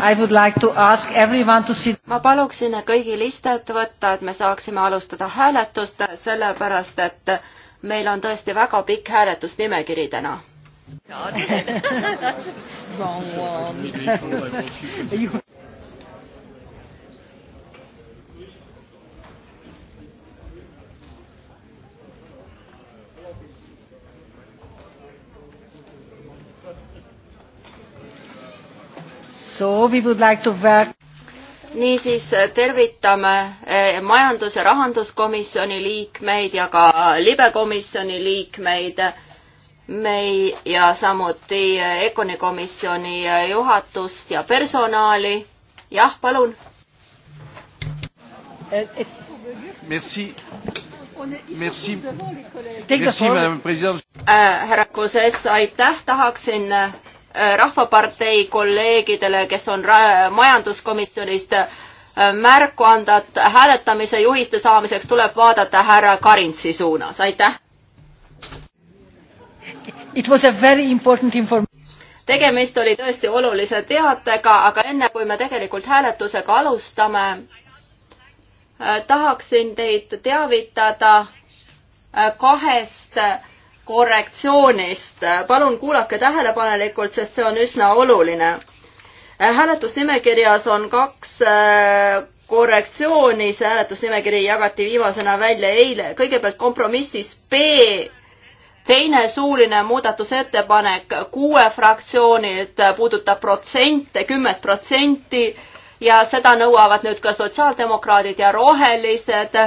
Like see... ma paluksin kõigil istet võtta, et me saaksime alustada hääletust, sellepärast et meil on tõesti väga pikk hääletusnimekiri täna. Wrong one. So we would like to work niisiis eh, tervitame eh, majandus- ja rahanduskomisjoni liikmeid ja ka libekomisjoni liikmeid mei- ja samuti eh, Econi komisjoni juhatust ja personali. jah, palun. Merci. Merci. Merci, madame president. härra Koses, aitäh, tahaksin Äh, Rahvapartei kolleegidele, kes on majanduskomisjonist äh, märku anda, et hääletamise juhiste saamiseks tuleb vaadata härra Karintsi suunas, aitäh. tegemist oli tõesti olulise teatega, aga enne kui me tegelikult hääletusega alustame, äh, tahaksin teid teavitada kahest korrektsioonist. palun kuulake tähelepanelikult, sest see on üsna oluline. hääletusnimekirjas on kaks äh, korrektsiooni, see hääletusnimekiri jagati viimasena välja eile. kõigepealt kompromissis B, teine suuline muudatusettepanek kuue fraktsioonilt puudutab protsente, kümmet protsenti ja seda nõuavad nüüd ka sotsiaaldemokraadid ja rohelised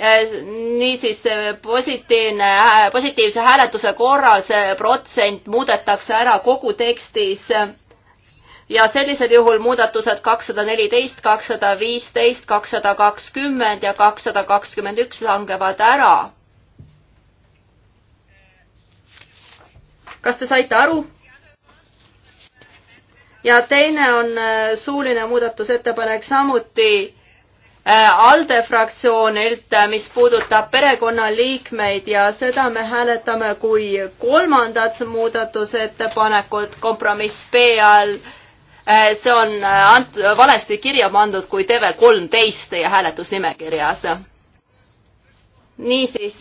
Äh, niisiis äh, positiivne, positiivse hääletuse korral see protsent muudetakse ära kogu tekstis ja sellisel juhul muudatused kakssada neliteist, kakssada viisteist, kakssada kakskümmend ja kakssada kakskümmend üks langevad ära. kas te saite aru? ja teine on äh, suuline muudatusettepanek samuti Äh, ALDE fraktsioonilt, äh, mis puudutab perekonnaliikmeid ja seda me hääletame kui kolmandat muudatusettepanekut kompromiss B all. Äh, see on ant-, valesti kirja pandud kui TV kolmteist teie hääletusnimekirjas. niisiis.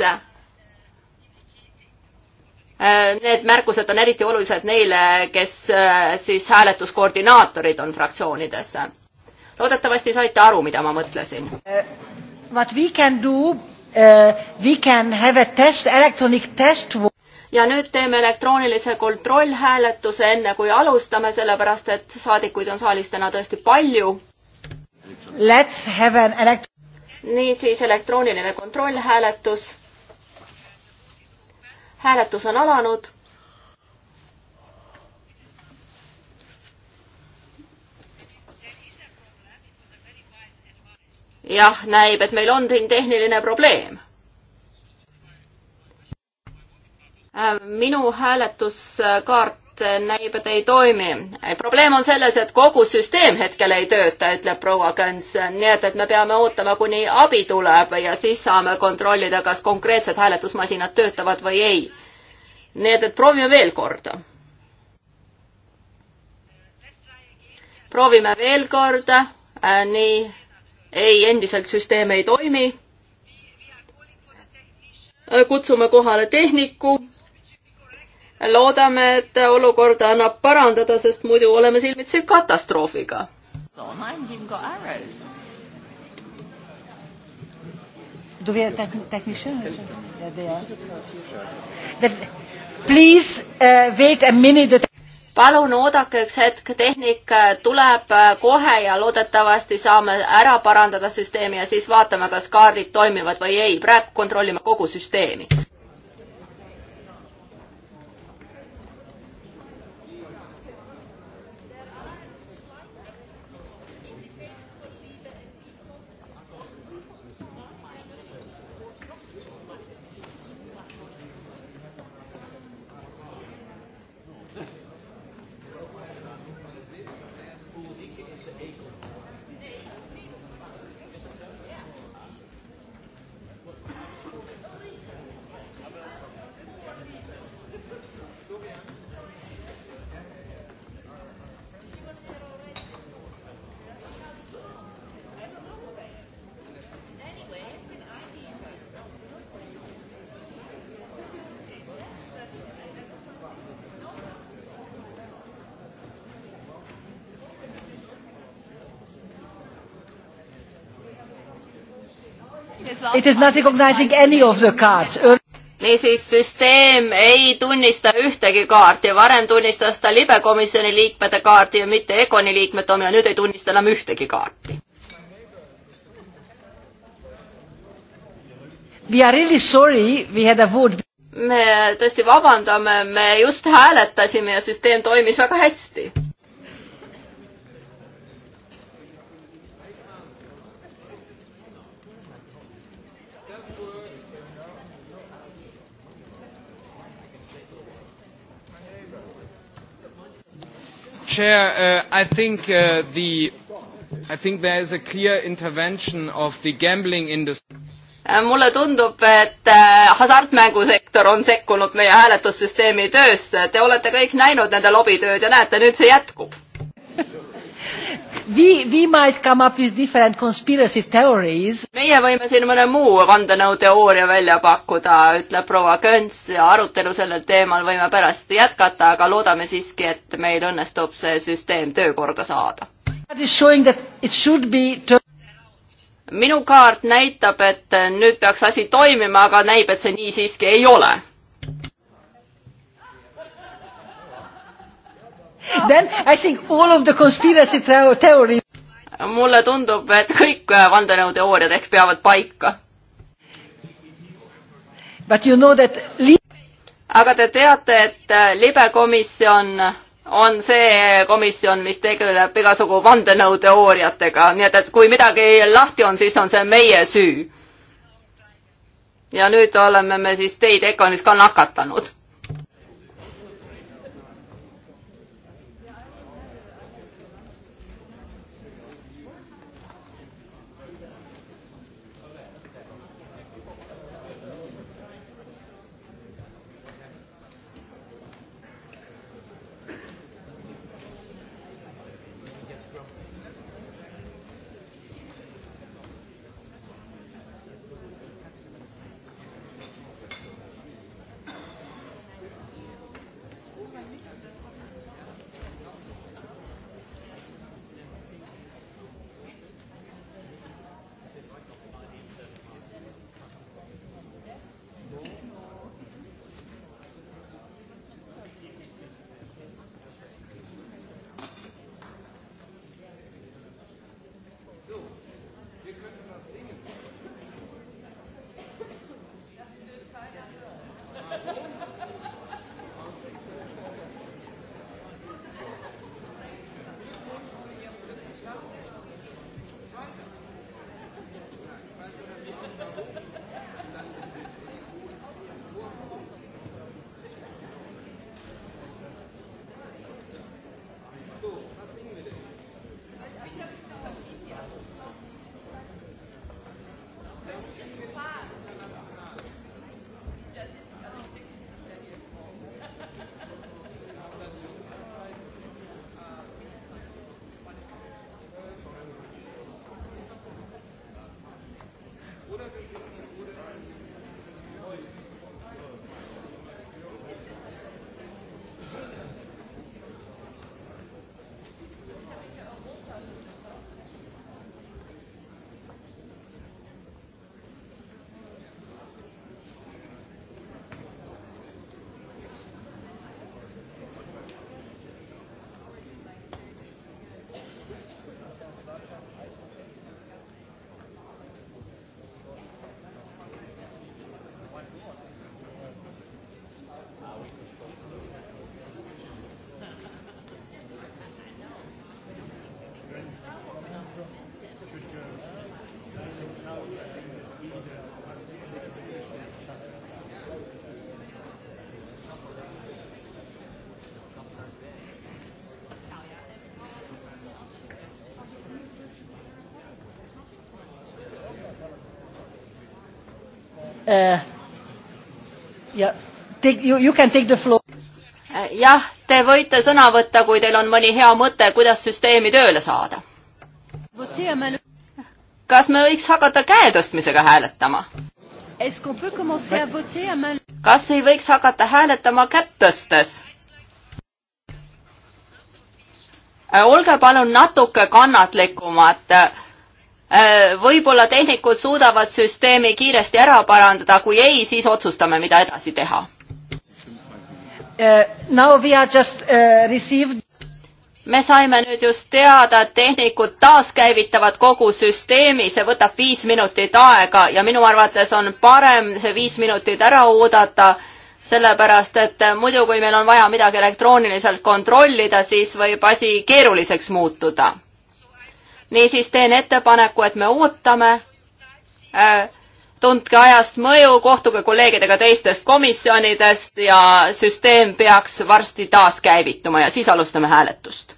Need märkused on eriti olulised neile, kes siis hääletuskoordinaatorid on fraktsioonidesse loodetavasti saite aru, mida ma mõtlesin uh,. What we can do uh,, we can have a test, electronic test ja nüüd teeme elektroonilise kontrollhääletuse, enne kui alustame, sellepärast et saadikuid on saalis täna tõesti palju. Let's have an elect-. niisiis, elektrooniline kontrollhääletus. hääletus on alanud jah, näib, et meil on siin tehniline probleem. Äh, minu hääletuskaart näib, et ei toimi. probleem on selles, et kogu süsteem hetkel ei tööta, ütleb proua Kõns, nii et, et me peame ootama, kuni abi tuleb ja siis saame kontrollida, kas konkreetsed hääletusmasinad töötavad või ei. nii et, et proovime veel korda proovime veel kord, äh, nii ei, endiselt süsteem ei toimi. kutsume kohale tehniku. loodame, et olukorda annab parandada, sest muidu oleme silmitsi katastroofiga. Do we have techn technician? Yeah, they are. The, please uh, wait a minute palun oodake üks hetk, tehnik tuleb kohe ja loodetavasti saame ära parandada süsteemi ja siis vaatame, kas kaardid toimivad või ei. praegu kontrollime kogu süsteemi. It is not recognizing any of the cards. niisiis, süsteem ei tunnista ühtegi kaarti, varem tunnistas ta libekomisjoni liikmete kaardi ja mitte EKONi liikmete omi ja nüüd ei tunnista enam ühtegi kaarti. We are really sorry, we had a vote. me tõesti vabandame, me just hääletasime ja süsteem toimis väga hästi Chair, uh, I think uh, the I think there is a clear intervention of the gambling industry. Äh, mulle tundub, et äh, hasartmängusektor on sekkunud meie hääletussüsteemi töösse, te olete kõik näinud nende lobitööd ja näete, nüüd see jätkub We, we might come up with different conspiracy theories. meie võime siin mõne muu vandenõuteooria välja pakkuda, ütleb proua Könts ja arutelu sellel teemal võime pärast jätkata, aga loodame siiski, et meil õnnestub see süsteem töökorda saada. minu kaart näitab, et nüüd peaks asi toimima, aga näib, et see nii siiski ei ole Then I think all of the conspiracy theory. mulle tundub, et kõik äh, vandenõuteooriad ehk peavad paika. But you know that aga te teate, et äh, libekomisjon on see komisjon, mis tegeleb igasugu vandenõuteooriatega, nii et, et kui midagi lahti on, siis on see meie süü. ja nüüd oleme me siis teid Econis ka nakatanud uh,. Yeah. Take, you, you can take the floor. Uh, jah, te võite sõna võtta, kui teil on mõni hea mõte, kuidas süsteemi tööle saada. kas me võiks hakata käe tõstmisega hääletama? kas ei võiks hakata hääletama kätt tõstes? Uh, olge palun natuke kannatlikumad Äh, võib-olla tehnikud suudavad süsteemi kiiresti ära parandada, kui ei, siis otsustame, mida edasi teha. Äh, äh, me saime nüüd just teada, et tehnikud taaskäivitavad kogu süsteemi, see võtab viis minutit aega ja minu arvates on parem see viis minutit ära oodata sellepärast et muidu, kui meil on vaja midagi elektrooniliselt kontrollida, siis võib asi keeruliseks muutuda niisiis teen ettepaneku, et me ootame. Äh, tundke ajast mõju, kohtuge kolleegidega teistest komisjonidest ja süsteem peaks varsti taaskäivituma ja siis alustame hääletust.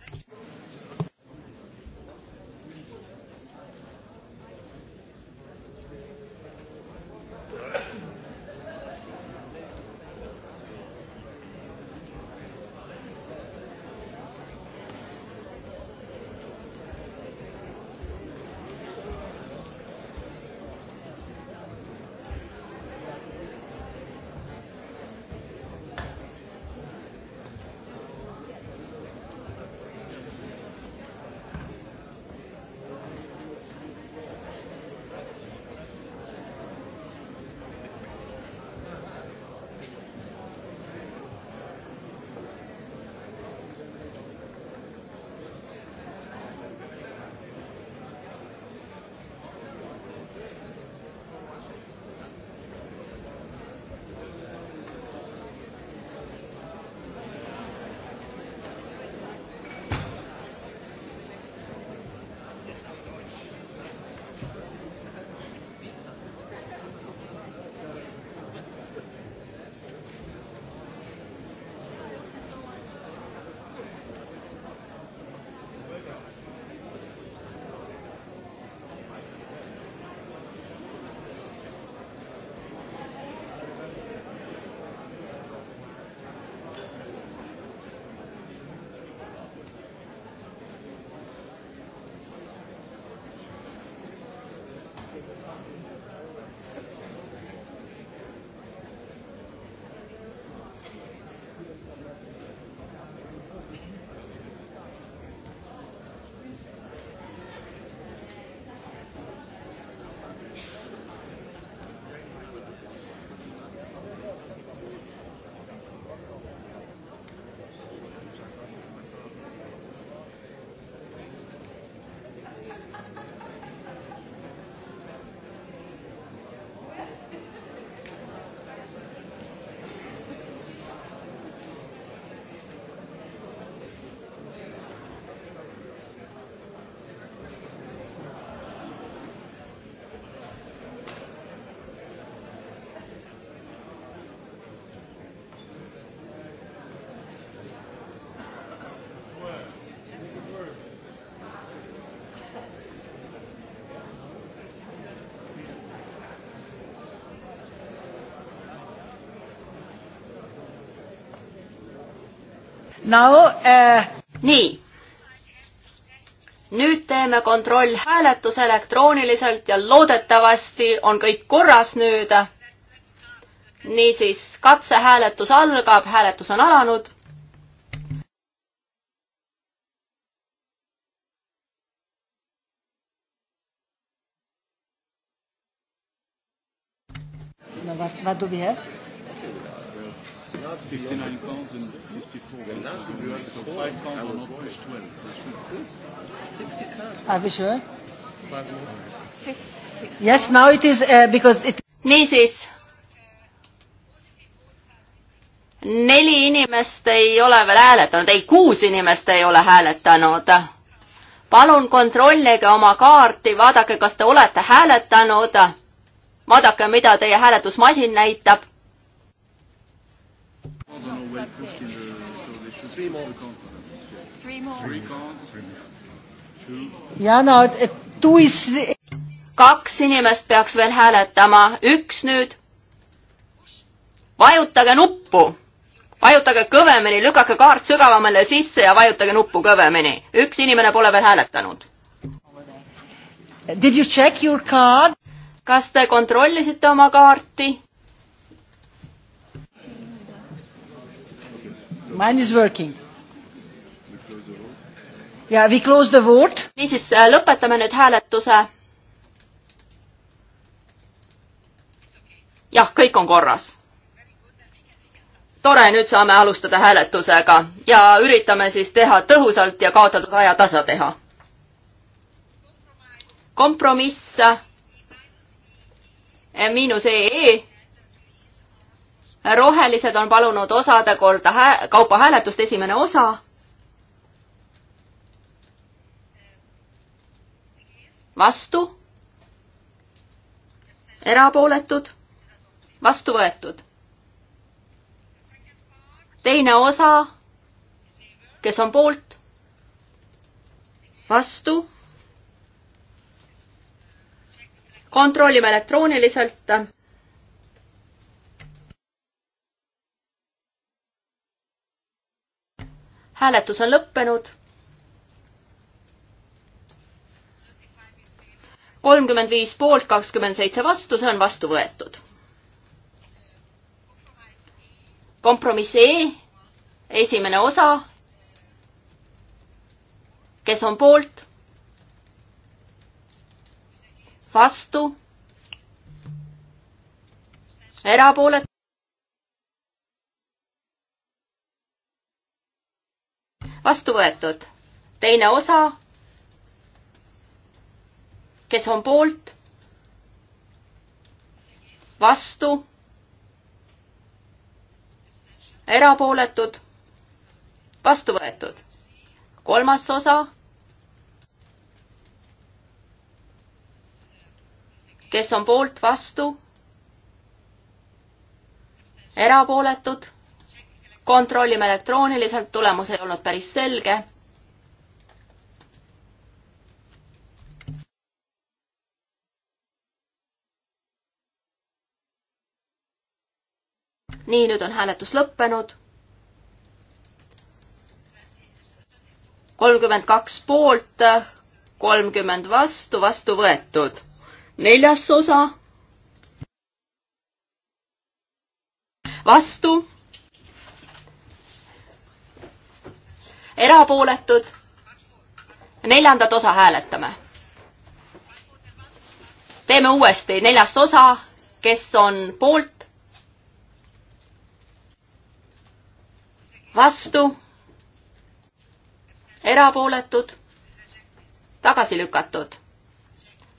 Now, uh... nii. nüüd teeme kontrollhääletuse elektrooniliselt ja loodetavasti on kõik korras nüüd. niisiis, katsehääletus algab, hääletus on alanud what, what do we have? 59 pounds and 54 grams. Are we sure? Yes, now it is uh, because it... niisiis, neli inimest ei ole veel hääletanud, ei, kuus inimest ei ole hääletanud. palun kontrollige oma kaarti, vaadake, kas te olete hääletanud. vaadake, mida teie hääletusmasin näitab. Three more. Three gone, three missing. Two. ja no, two is. kaks inimest peaks veel hääletama, üks nüüd. vajutage nuppu, vajutage kõvemini, lükake kaart sügavamale sisse ja vajutage nuppu kõvemini. üks inimene pole veel hääletanud. Did you check your card? kas te kontrollisite oma kaarti? Mine is working ja we close the vote. niisiis, äh, lõpetame nüüd hääletuse. jah, kõik on korras. tore, nüüd saame alustada hääletusega ja üritame siis teha tõhusalt ja kaotatud aja tasa teha. kompromiss äh, miinus EE e. rohelised on palunud osade korda hää kaupa hääletust, esimene osa vastu, erapooletud, vastu võetud. teine osa, kes on poolt, vastu, kontrollime elektrooniliselt. hääletus on lõppenud kolmkümmend viis poolt, kakskümmend seitse vastu, see on vastu võetud. kompromiss E, esimene osa. kes on poolt? vastu? erapooletu? vastu võetud. teine osa kes on poolt? vastu? erapooletud? vastu võetud. kolmas osa? kes on poolt, vastu? erapooletud? kontrollime elektrooniliselt, tulemus ei olnud päris selge nii, nüüd on hääletus lõppenud. kolmkümmend kaks poolt, kolmkümmend vastu, vastu võetud. neljas osa. vastu. erapooletud. neljandat osa hääletame. teeme uuesti, neljas osa, kes on poolt, vastu, erapooletud, tagasi lükatud.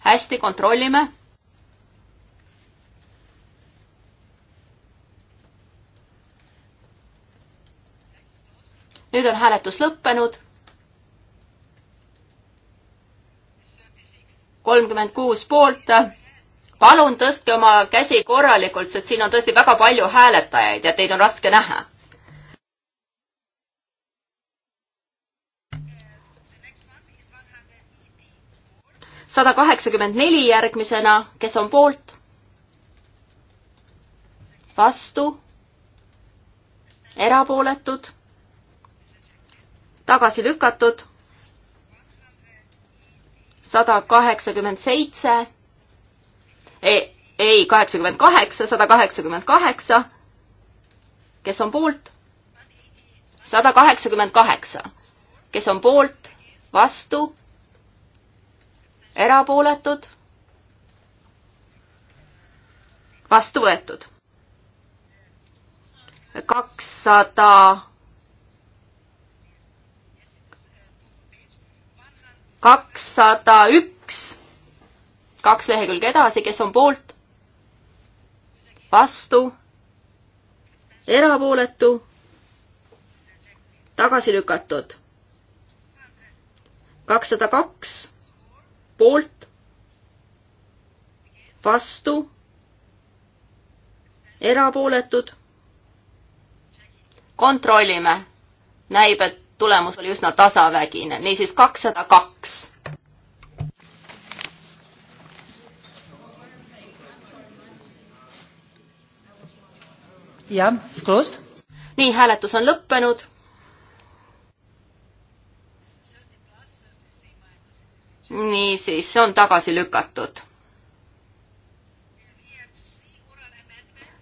hästi, kontrollime. nüüd on hääletus lõppenud. kolmkümmend kuus poolt palun tõstke oma käsi korralikult, sest siin on tõesti väga palju hääletajaid ja teid on raske näha sada kaheksakümmend neli järgmisena, kes on poolt? vastu? erapooletud? tagasi lükatud? sada kaheksakümmend seitse? E, ei, kaheksakümmend kaheksa, sada kaheksakümmend kaheksa. kes on poolt? sada kaheksakümmend kaheksa. kes on poolt? vastu? erapooletud, vastu võetud. kakssada kakssada üks, kaks lehekülge edasi, kes on poolt, vastu, erapooletu, tagasi lükatud. kakssada kaks poolt, vastu, erapooletud. kontrollime, näib, et tulemus oli üsna tasavägine, niisiis kakssada kaks. jah, nii hääletus on lõppenud niisiis, see on tagasi lükatud.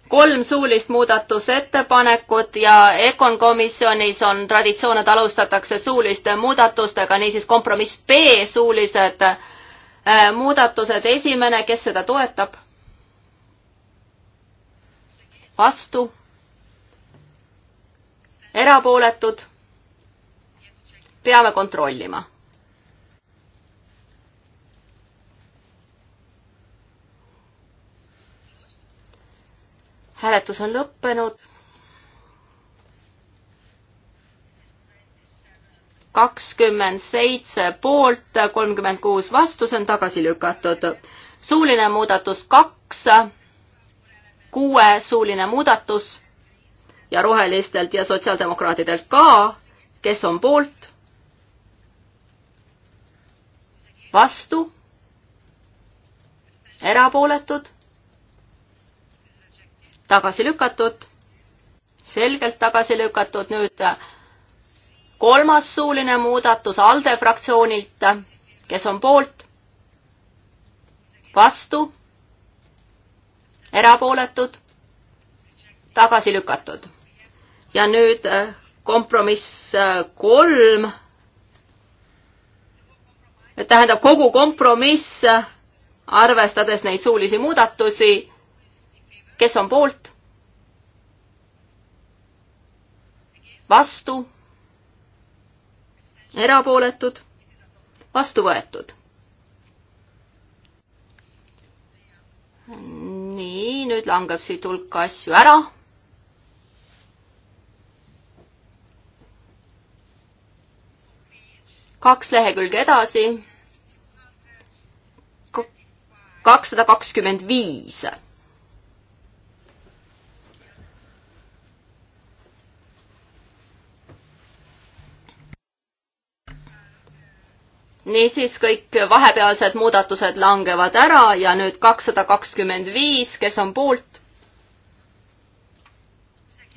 kolm suulist muudatusettepanekut ja EKON komisjonis on traditsioon, et alustatakse suuliste muudatustega, niisiis kompromiss B suulised äh, muudatused, esimene, kes seda toetab? vastu? erapooletud? peame kontrollima hääletus on lõppenud. kakskümmend seitse poolt, kolmkümmend kuus vastu, see on tagasi lükatud. suuline muudatus kaks, kuue suuline muudatus ja rohelistelt ja sotsiaaldemokraatidelt ka, kes on poolt, vastu, erapooletud tagasi lükatud, selgelt tagasi lükatud, nüüd äh, kolmas suuline muudatus ALDE fraktsioonilt, kes on poolt, vastu, erapooletud, tagasi lükatud. ja nüüd äh, kompromiss äh, kolm, tähendab kogu kompromiss, arvestades neid suulisi muudatusi kes on poolt? vastu? erapooletud? vastu võetud? nii, nüüd langeb siit hulk asju ära kaks lehekülge edasi. kakssada kakskümmend viis niisiis kõik vahepealsed muudatused langevad ära ja nüüd kakssada kakskümmend viis, kes on poolt?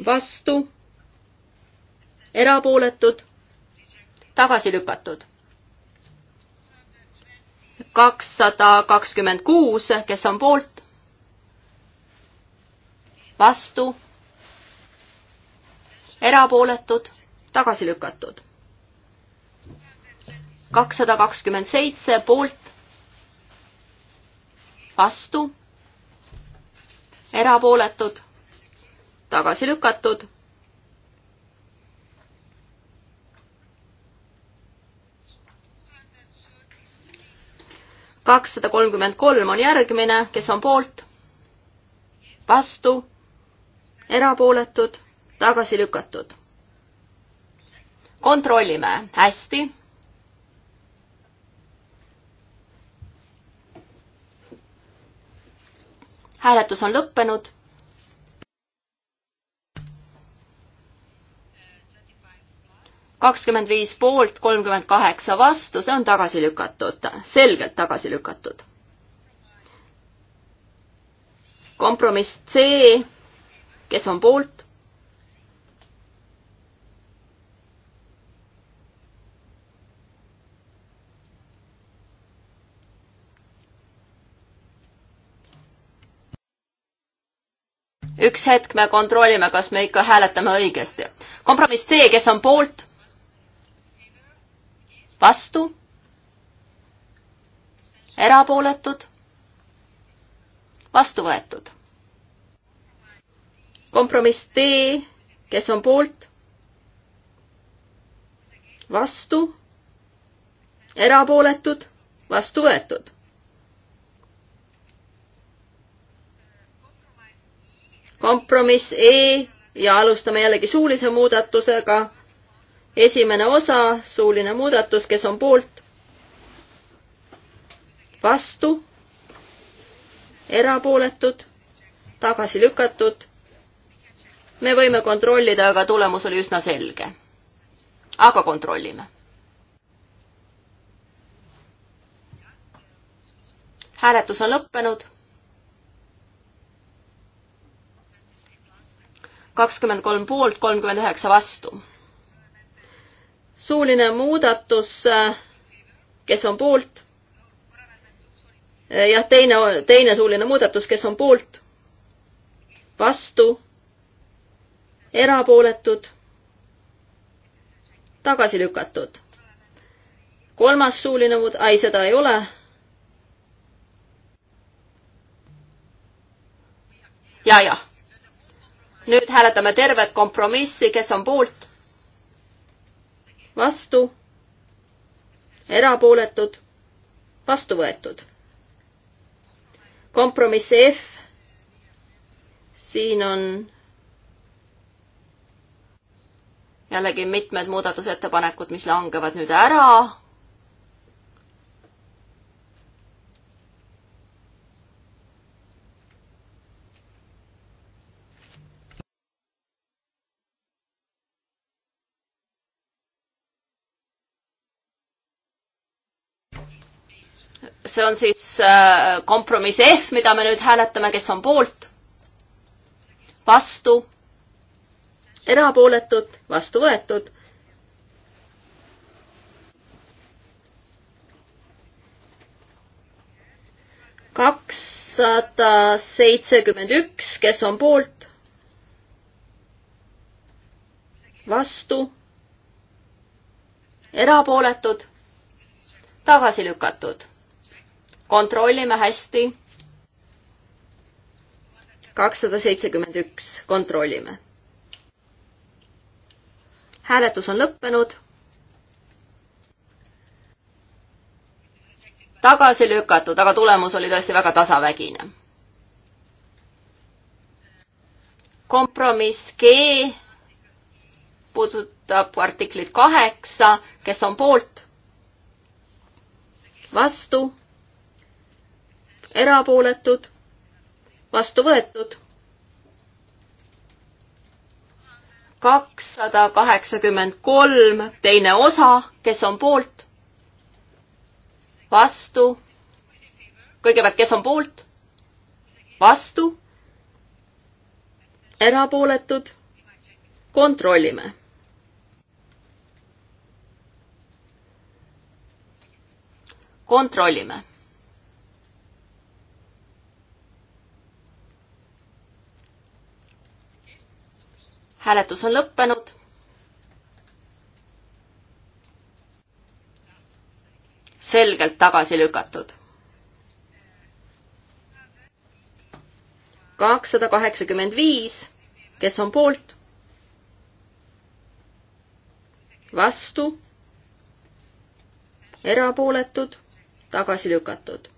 vastu? erapooletud? tagasi lükatud? kakssada kakskümmend kuus, kes on poolt? vastu? erapooletud? tagasi lükatud kakssada kakskümmend seitse poolt, vastu, erapooletud, tagasi lükatud. kakssada kolmkümmend kolm on järgmine, kes on poolt, vastu, erapooletud, tagasi lükatud. kontrollime, hästi hääletus on lõppenud. kakskümmend viis poolt, kolmkümmend kaheksa vastu, see on tagasi lükatud, selgelt tagasi lükatud. kompromiss C, kes on poolt? üks hetk me kontrollime, kas me ikka hääletame õigesti. kompromiss C, kes on poolt? vastu? erapooletud? vastu võetud. kompromiss D, kes on poolt? vastu? erapooletud? vastu võetud kompromiss E ja alustame jällegi suulise muudatusega. esimene osa, suuline muudatus, kes on poolt? vastu? erapooletud? tagasi lükatud? me võime kontrollida, aga tulemus oli üsna selge. aga kontrollime. hääletus on lõppenud kakskümmend kolm poolt, kolmkümmend üheksa vastu. suuline muudatus, kes on poolt? jah, teine, teine suuline muudatus, kes on poolt? vastu? erapooletud? tagasi lükatud? kolmas suuline muud-, ei, seda ei ole. ja, jah nüüd hääletame tervet kompromissi, kes on poolt, vastu, erapooletud, vastu võetud. kompromissi F, siin on jällegi mitmed muudatusettepanekud, mis langevad nüüd ära see on siis äh, kompromiss F, mida me nüüd hääletame, kes on poolt, vastu, erapooletud, vastu võetud kakssada seitsekümmend üks, kes on poolt? vastu? erapooletud? tagasi lükatud? kontrollime hästi. kakssada seitsekümmend üks, kontrollime. hääletus on lõppenud. tagasi lükatud, aga tulemus oli tõesti väga tasavägine. kompromiss G puudutab artiklit kaheksa, kes on poolt, vastu erapooletud, vastu võetud. kakssada kaheksakümmend kolm, teine osa, kes on poolt? vastu. kõigepealt, kes on poolt? vastu. erapooletud. kontrollime kontrollime. hääletus on lõppenud. selgelt tagasi lükatud. kakssada kaheksakümmend viis, kes on poolt? vastu? erapooletud? tagasi lükatud?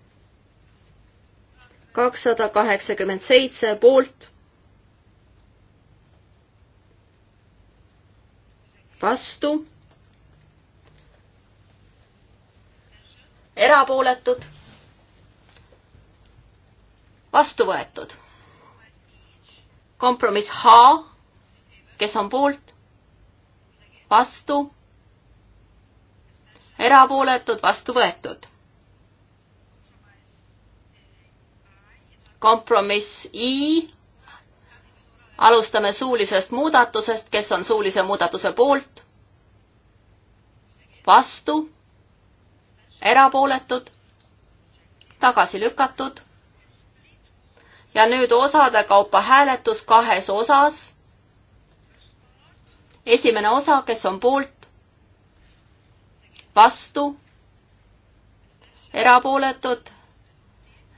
kakssada kaheksakümmend seitse poolt vastu, erapooletud, vastu võetud. kompromiss H, kes on poolt, vastu, erapooletud, vastu võetud kompromiss I alustame suulisest muudatusest, kes on suulise muudatuse poolt? vastu? erapooletud? tagasi lükatud? ja nüüd osade kaupa hääletus kahes osas. esimene osa, kes on poolt? vastu? erapooletud?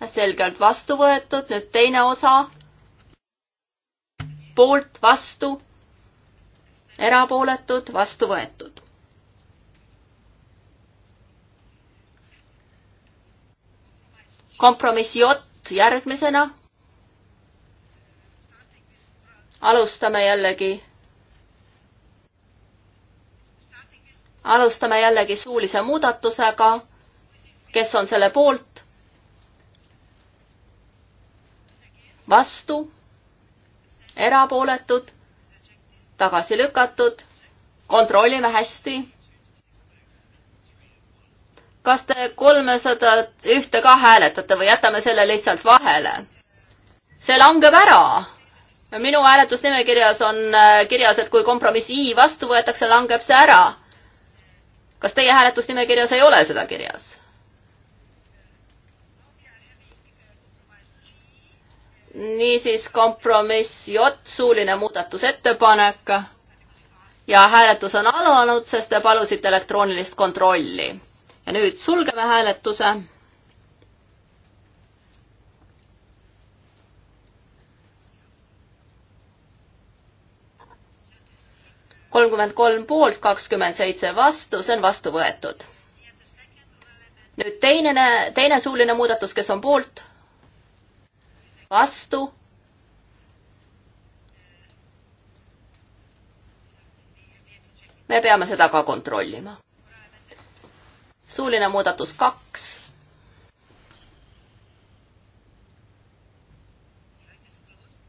selgelt vastu võetud, nüüd teine osa poolt, vastu, erapooletud, vastu võetud. kompromiss J järgmisena. alustame jällegi. alustame jällegi suulise muudatusega. kes on selle poolt? vastu erapooletud, tagasi lükatud, kontrollime hästi. kas te kolmesadat ühte ka hääletate või jätame selle lihtsalt vahele? see langeb ära. minu hääletusnimekirjas on äh, kirjas, et kui kompromiss I vastu võetakse, langeb see ära. kas teie hääletusnimekirjas ei ole seda kirjas? niisiis kompromiss J, suuline muudatusettepanek ja hääletus on alanud, sest te palusite elektroonilist kontrolli. ja nüüd sulgeme hääletuse. kolmkümmend kolm poolt, kakskümmend seitse vastu, see on vastu võetud. nüüd teine, teine suuline muudatus, kes on poolt vastu. me peame seda ka kontrollima. suuline muudatus kaks.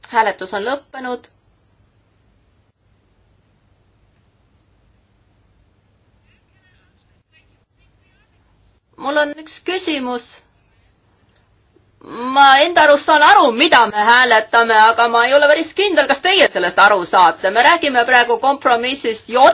hääletus on lõppenud mul on üks küsimus ma enda arust saan aru, mida me hääletame, aga ma ei ole päris kindel, kas teie sellest aru saate. me räägime praegu kompromissist J.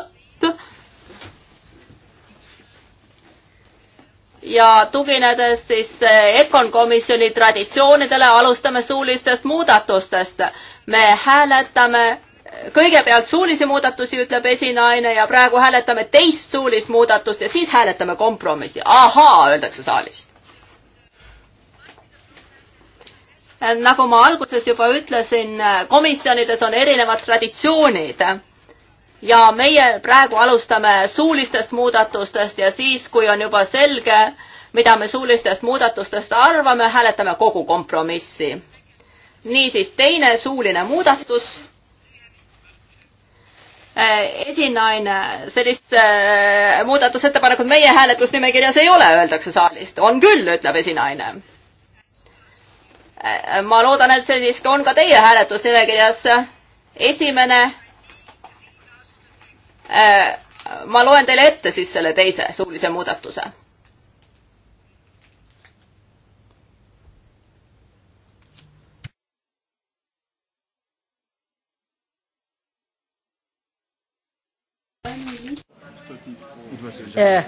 ja tuginedes siis EKON eh, komisjoni traditsioonidele, alustame suulistest muudatustest. me hääletame eh, kõigepealt suulisi muudatusi, ütleb esinaine ja praegu hääletame teist suulist muudatust ja siis hääletame kompromissi. ahaa, öeldakse saalist nagu ma alguses juba ütlesin, komisjonides on erinevad traditsioonid ja meie praegu alustame suulistest muudatustest ja siis, kui on juba selge, mida me suulistest muudatustest arvame, hääletame kogu kompromissi. niisiis, teine suuline muudatus. Äh, esinaine, sellist äh, muudatusettepanekut meie hääletusnimekirjas ei ole, öeldakse saalist. on küll, ütleb esinaine Äh, ma loodan, et see siiski on ka teie hääletusnimekirjas. esimene. Äh, ma loen teile ette siis selle teise suulise muudatuse. Uh,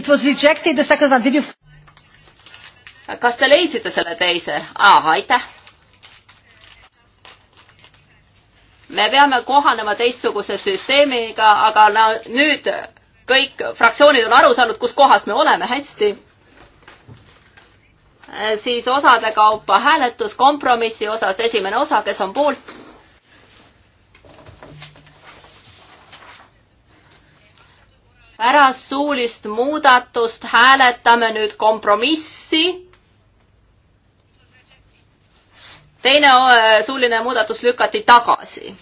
it was rejected the second one did you kas te leidsite selle teise? aitäh. me peame kohanema teistsuguse süsteemiga, aga no nüüd kõik fraktsioonid on aru saanud, kus kohas me oleme, hästi. siis osade kaupa hääletus kompromissi osas, esimene osa, kes on poolt? pärast suulist muudatust hääletame nüüd kompromissi teine äh, suuline muudatus lükati tagasi.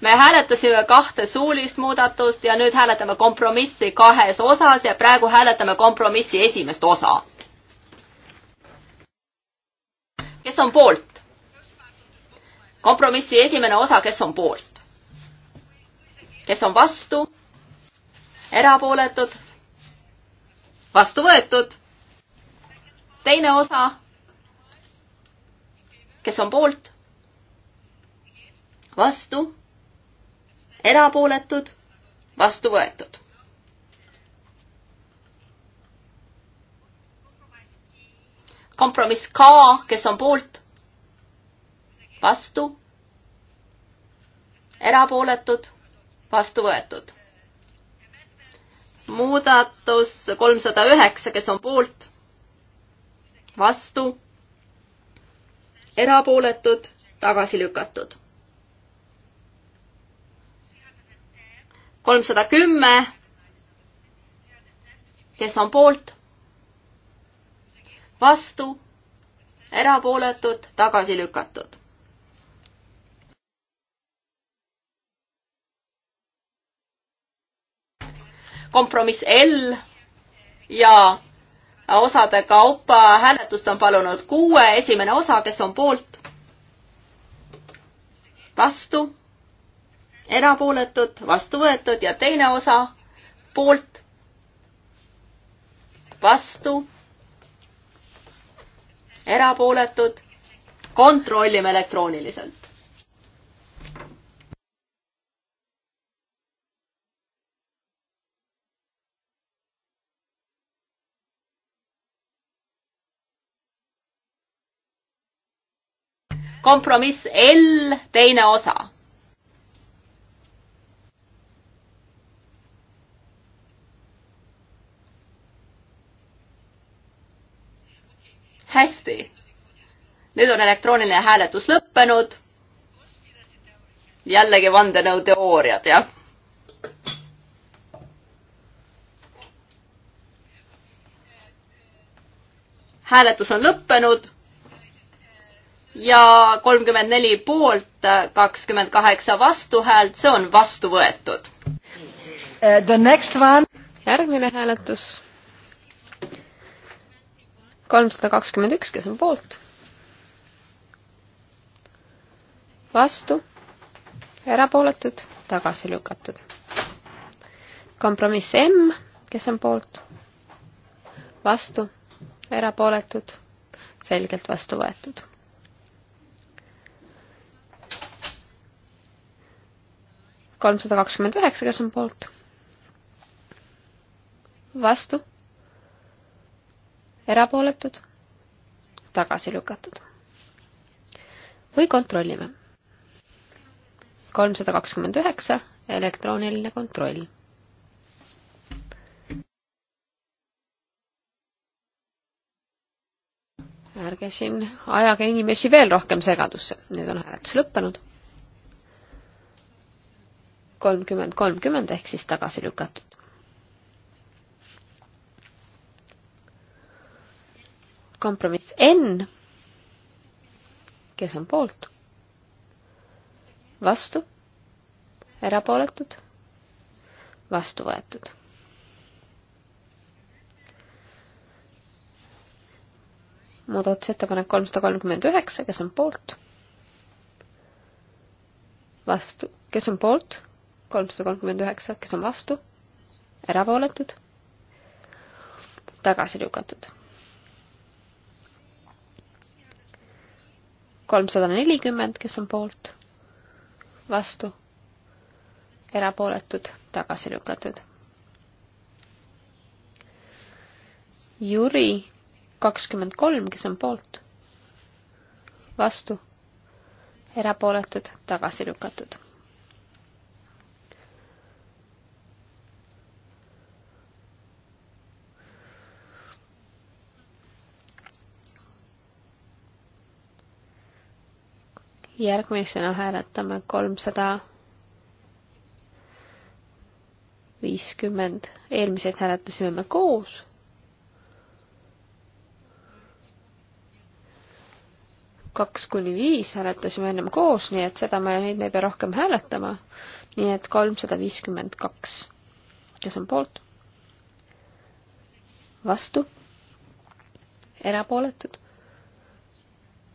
me hääletasime kahte suulist muudatust ja nüüd hääletame kompromissi kahes osas ja praegu hääletame kompromissi esimest osa. kes on poolt? kompromissi esimene osa, kes on poolt? kes on vastu? erapooletud? vastu võetud teine osa, kes on poolt, vastu, erapooletud, vastu võetud. kompromiss K, kes on poolt, vastu, erapooletud, vastu võetud. muudatus kolmsada üheksa, kes on poolt vastu, erapooletud, tagasi lükatud. kolmsada kümme, kes on poolt, vastu, erapooletud, tagasi lükatud kompromiss L ja osade kaupa, hääletust on palunud kuue, esimene osa, kes on poolt? vastu, erapooletud, vastu võetud ja teine osa poolt, vastu, erapooletud, kontrollime elektrooniliselt. kompromiss L, teine osa. hästi. nüüd on elektrooniline hääletus lõppenud. jällegi vandenõuteooriad, jah. hääletus on lõppenud ja kolmkümmend neli poolt, kakskümmend kaheksa vastuhäält, see on vastu võetud. Uh, the next one. järgmine hääletus. kolmsada kakskümmend üks, kes on poolt? vastu, erapooletud, tagasi lükatud. kompromiss M, kes on poolt? vastu, erapooletud, selgelt vastu võetud kolmsada kakskümmend üheksa, kes on poolt? vastu? erapooletud? tagasi lükatud? või kontrollime? kolmsada kakskümmend üheksa, elektrooniline kontroll ärge siin ajage inimesi veel rohkem segadusse. nüüd on hääletus lõppenud kolmkümmend kolmkümmend ehk siis tagasi lükatud. kompromiss N, kes on poolt, vastu, erapooletud, vastu võetud muudatusettepanek kolmsada kolmkümmend üheksa, kes on poolt? vastu, kes on poolt? kolmsada kolmkümmend üheksa, kes on vastu, erapooletud, tagasi lükatud. kolmsada nelikümmend, kes on poolt, vastu, erapooletud, tagasi lükatud. Jüri kakskümmend kolm, kes on poolt, vastu, erapooletud, tagasi lükatud järgmisena hääletame kolmsada viiskümmend, eelmiseid hääletasime me koos. kaks kuni viis hääletasime ennem koos, nii et seda me, neid me ei pea rohkem hääletama. nii et kolmsada viiskümmend kaks. kes on poolt? vastu? erapooletud?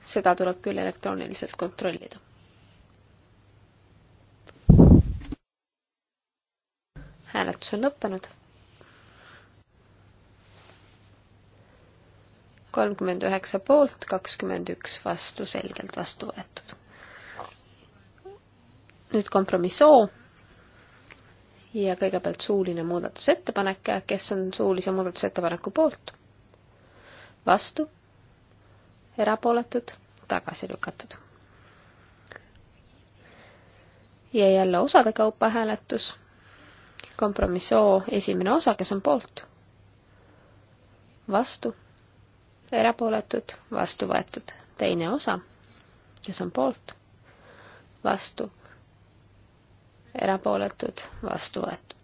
seda tuleb küll elektrooniliselt kontrollida. hääletus on lõppenud. kolmkümmend üheksa poolt, kakskümmend üks vastu, selgelt vastu võetud. nüüd kompromiss O ja kõigepealt suuline muudatusettepanek, kes on suulise muudatusettepaneku poolt? vastu erapooletud, tagasi lükatud. ja jälle osade kaupa hääletus. kompromiss O esimene osa, kes on poolt? vastu, erapooletud, vastu võetud. teine osa, kes on poolt? vastu, erapooletud, vastu võetud.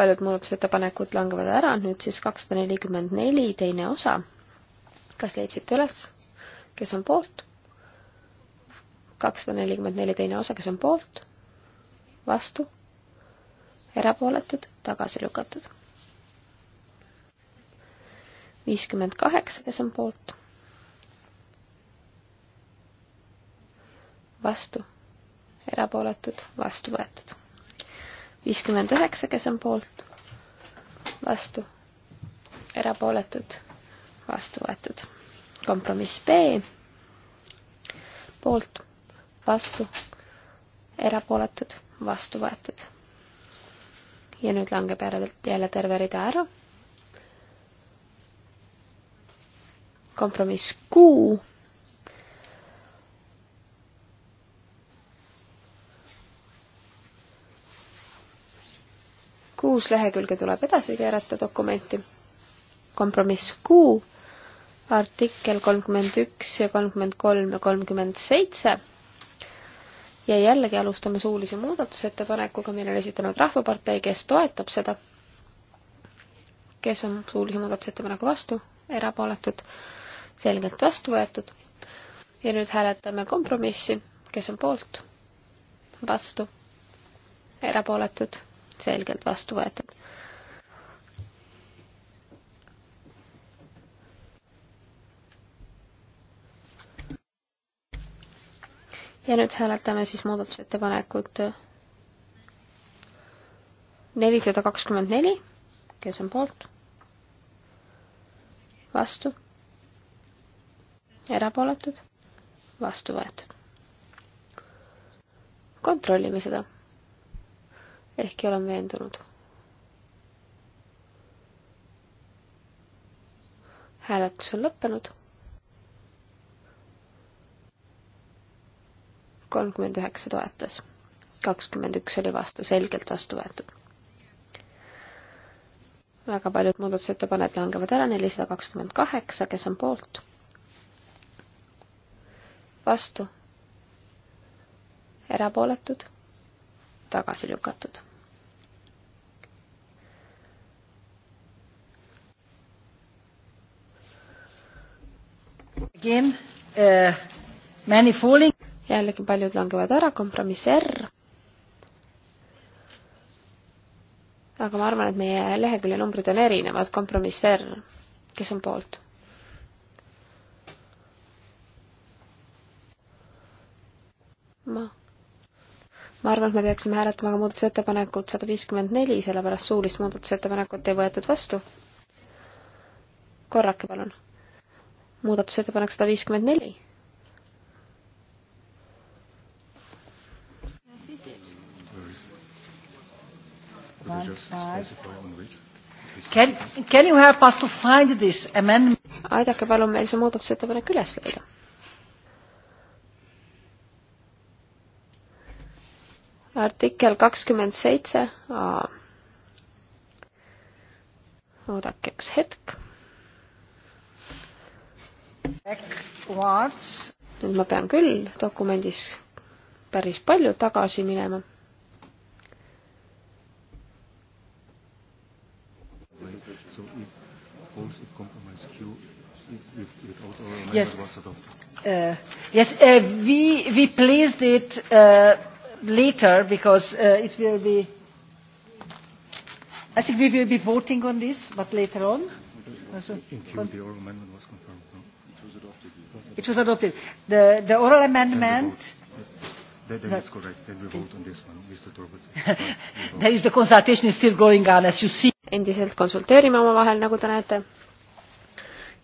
paljud muudatusettepanekud langevad ära, nüüd siis kakssada nelikümmend neli, teine osa. kas leidsite üles, kes on poolt? kakssada nelikümmend neli, teine osa, kes on poolt? vastu? erapooletud, tagasi lükatud. viiskümmend kaheksa, kes on poolt? vastu? erapooletud, vastu võetud viiskümmend üheksa, kes on poolt, vastu, erapooletud, vastu võetud. kompromiss B, poolt, vastu, erapooletud, vastu võetud. ja nüüd langeb järelikult jälle terve rida ära. kompromiss Q kuus lehekülge tuleb edasi keerata dokumenti. kompromiss kuu, artikkel kolmkümmend üks ja kolmkümmend kolm ja kolmkümmend seitse. ja jällegi alustame suulise muudatusettepanekuga, mille on esitanud Rahvapartei, kes toetab seda. kes on suulise muudatusettepaneku vastu, erapooletud, selgelt vastu võetud. ja nüüd hääletame kompromissi, kes on poolt, vastu, erapooletud selgelt vastu võetud. ja nüüd hääletame siis muudatusettepanekut nelisada kakskümmend neli, kes on poolt, vastu, erapooletud, vastu võetud. kontrollime seda ehkki olen veendunud. hääletus on lõppenud. kolmkümmend üheksa toetas, kakskümmend üks oli vastu, selgelt vastu võetud väga paljud muudatusettepanekud langevad ära, nelisada kakskümmend kaheksa, kes on poolt? vastu? erapooletud? tagasi lükatud? Again, uh, manifolding. jällegi paljud langevad ära, kompromiss R. aga ma arvan, et meie lehekülje numbrid on erinevad, kompromiss R, kes on poolt? ma, ma arvan, et me peaksime hääletama ka muudatusettepanekut sada viiskümmend neli, sellepärast suulist muudatusettepanekut ei võetud vastu. korrake, palun muudatusettepanek sada viiskümmend neli. Can, can you help us to find this amendment? aidake palun meil see muudatusettepanek üles leida. artikkel kakskümmend seitse A. oodake üks hetk nüüd ma pean küll dokumendis päris palju tagasi minema. Yes, uh, yes uh, we, we placed it uh, later because uh, it will be, I think we will be voting on this, but later on. Also, In Q, the oral amendment was confirmed. No? was adopted. It was adopted. The, the oral amendment. Then, then it's correct. Then we vote on this one, Mr. Torvalds. There is the consultation is still going on, as you see. endiselt konsulteerime omavahel, nagu te näete.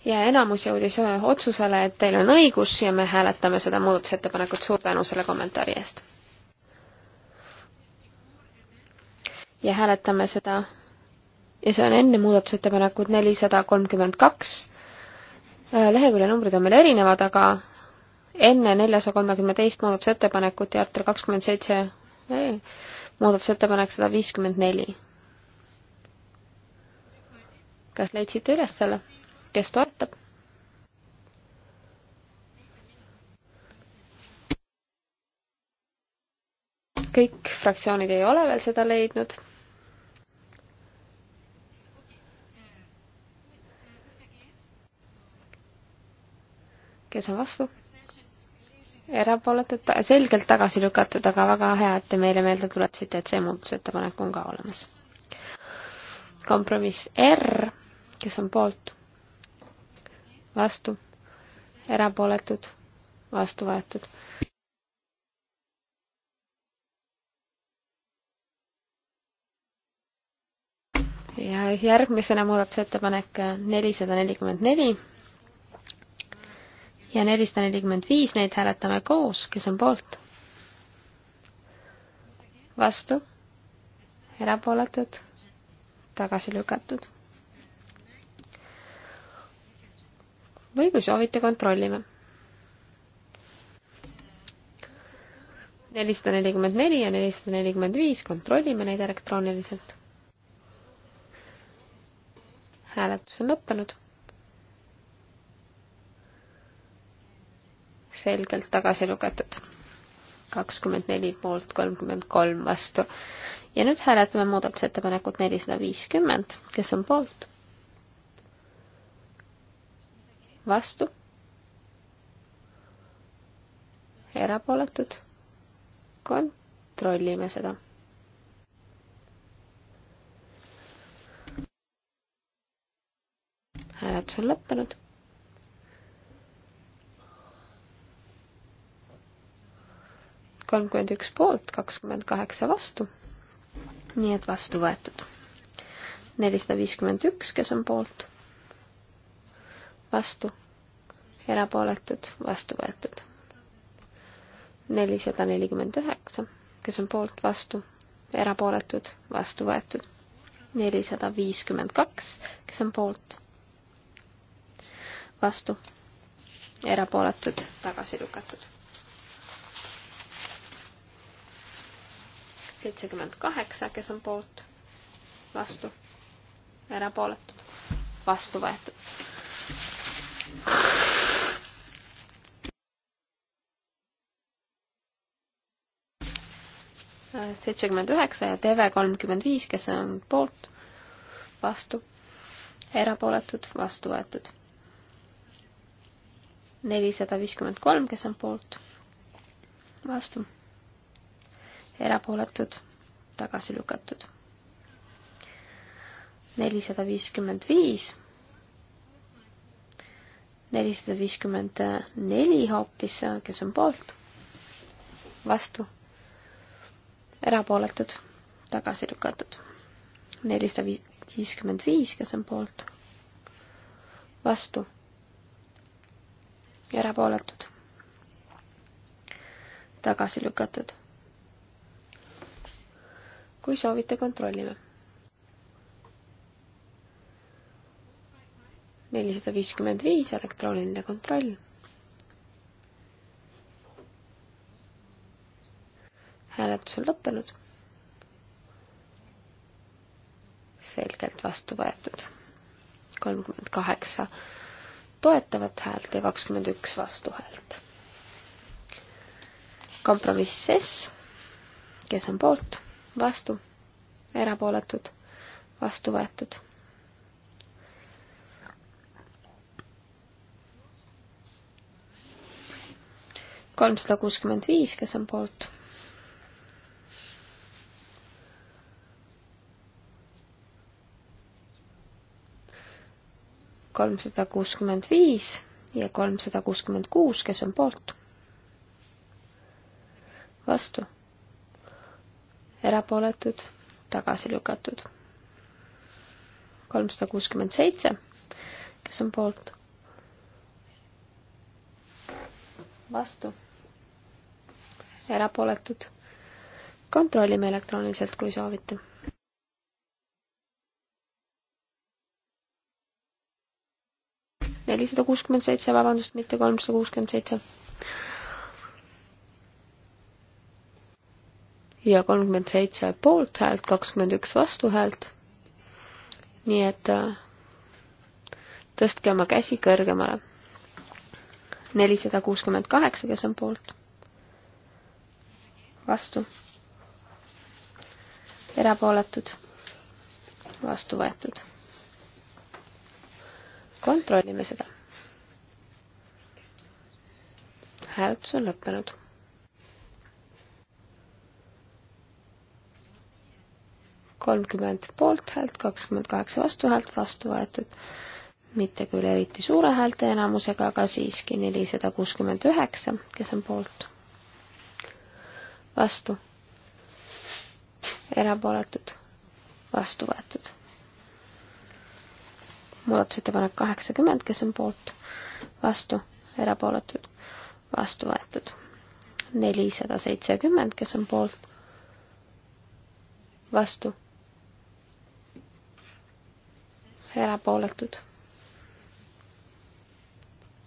ja enamus jõudis äh, otsusele, et teil on õigus ja me hääletame seda muudatusettepanekut. suur tänu selle kommentaari eest. ja hääletame seda ja see on enne muudatusettepanekut nelisada kolmkümmend kaks Äh, leheküljenumbrid on meil erinevad, aga enne neljasaja kolmekümne teist muudatusettepanekut ja artikkel kakskümmend seitse eh, muudatusettepanek sada viiskümmend neli. kas leidsite üles selle? kes toetab? kõik fraktsioonid ei ole veel seda leidnud kes on vastu? erapooletud, selgelt tagasi lükatud, aga väga hea, et te meile meelde tuletasite, et see muudatusettepanek on ka olemas. kompromiss R, kes on poolt? vastu? erapooletud? vastu võetud? ja järgmisena muudatusettepanek äh, nelisada nelikümmend neli ja nelisada nelikümmend viis, neid hääletame koos, kes on poolt? vastu, erapooletud, tagasi lükatud. või kui soovite, kontrollime. nelisada nelikümmend neli ja nelisada nelikümmend viis, kontrollime neid elektrooniliselt. hääletus on lõppenud selgelt tagasi lükatud. kakskümmend neli poolt, kolmkümmend kolm vastu. ja nüüd hääletame muudatusettepanekut nelisada viiskümmend, kes on poolt? vastu? erapooletud? kontrollime seda hääletus on lõppenud. kolmkümmend üks poolt, kakskümmend kaheksa vastu. nii et vastu võetud. nelisada viiskümmend üks, kes on poolt, vastu, erapooletud, vastu võetud. nelisada nelikümmend üheksa, kes on poolt, vastu, erapooletud, vastu võetud. nelisada viiskümmend kaks, kes on poolt, vastu erapooletud tagasi lükatud. seitsekümmend kaheksa, kes on poolt, vastu, erapooletud, vastu võetud. seitsekümmend üheksa ja TV kolmkümmend viis, kes on poolt, vastu, erapooletud, vastu võetud. nelisada viiskümmend kolm, kes on poolt, vastu erapooletud, tagasi lükatud. nelisada viiskümmend viis, nelisada viiskümmend neli hoopis, kes on poolt, vastu, erapooletud, tagasi lükatud. nelisada viiskümmend viis, kes on poolt, vastu, erapooletud, tagasi lükatud kui soovite, kontrollime. nelisada viiskümmend viis elektrooniline kontroll. hääletus on lõppenud. selgelt vastu võetud. kolmkümmend kaheksa toetavat häält ja kakskümmend üks vastuhäält. kompromiss S, kes on poolt vastu, erapooletud, vastu võetud. kolmsada kuuskümmend viis, kes on poolt kolmsada kuuskümmend viis ja kolmsada kuuskümmend kuus, kes on poolt? vastu erapooletud, tagasi lükatud. kolmsada kuuskümmend seitse, kes on poolt? vastu, erapooletud. kontrollime elektrooniliselt, kui soovite. nelisada kuuskümmend seitse, vabandust, mitte kolmsada kuuskümmend seitse ja kolmkümmend seitse poolthäält, kakskümmend üks vastuhäält. nii et äh, tõstke oma käsi kõrgemale. nelisada kuuskümmend kaheksa, kes on poolt. vastu. erapooletud. vastu võetud. kontrollime seda. hääletus on lõppenud kolmkümmend poolthäält, kakskümmend kaheksa vastuhäält, vastu võetud mitte küll eriti suure häälte enamusega, aga siiski nelisada kuuskümmend üheksa, kes on poolt. vastu. erapooletud, vastu võetud. muudatusettepanek kaheksakümmend, kes on poolt, vastu, erapooletud, vastu võetud. nelisada seitsekümmend, kes on poolt, vastu erapooletud.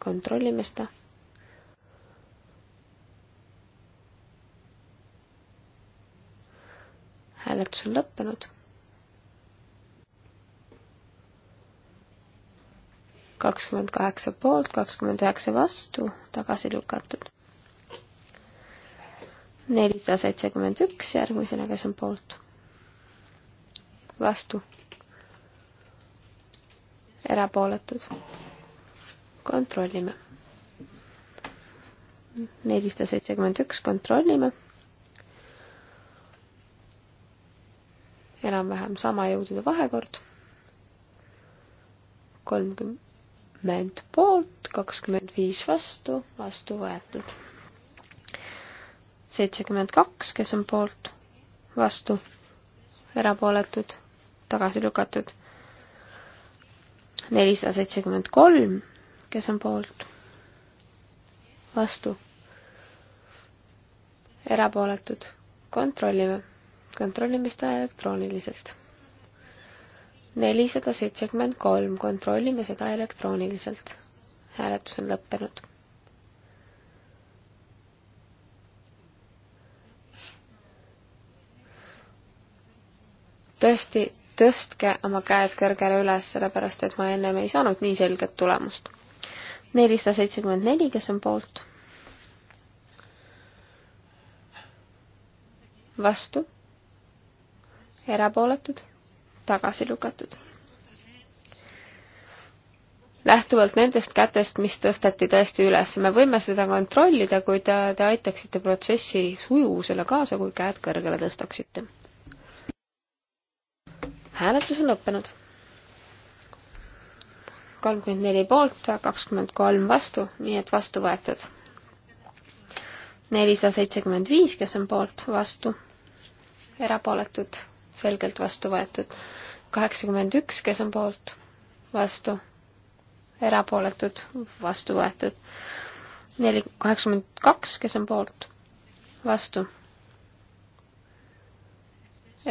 kontrollime seda. hääletus on lõppenud. kakskümmend kaheksa poolt, kakskümmend üheksa vastu, tagasi lükatud. nelisada seitsekümmend üks järgmisena, kes on poolt? vastu erapooletud. kontrollime. nelisada seitsekümmend üks, kontrollime. enam-vähem sama jõudude vahekord. kolmkümmend poolt, kakskümmend viis vastu, vastu võetud. seitsekümmend kaks, kes on poolt, vastu, erapooletud, tagasi lükatud nelisada seitsekümmend kolm, kes on poolt, vastu, erapooletud, kontrollime, kontrollime seda elektrooniliselt. nelisada seitsekümmend kolm, kontrollime seda elektrooniliselt. hääletus on lõppenud. tõesti tõstke oma käed kõrgele üles, sellepärast et ma ennem ei saanud nii selget tulemust. nelisada seitsekümmend neli, kes on poolt? vastu, erapooletud, tagasi lükatud lähtuvalt nendest kätest, mis tõsteti tõesti üles. me võime seda kontrollida, kui te, te aitaksite protsessi sujuvusele kaasa, kui käed kõrgele tõstaksite hääletus on lõppenud. kolmkümmend neli poolt, kakskümmend kolm vastu, nii et vastu võetud. nelisada seitsekümmend viis, kes on poolt, vastu, erapooletud, selgelt vastu võetud. kaheksakümmend üks, kes on poolt, vastu, erapooletud, vastu võetud. neli, kaheksakümmend kaks, kes on poolt, vastu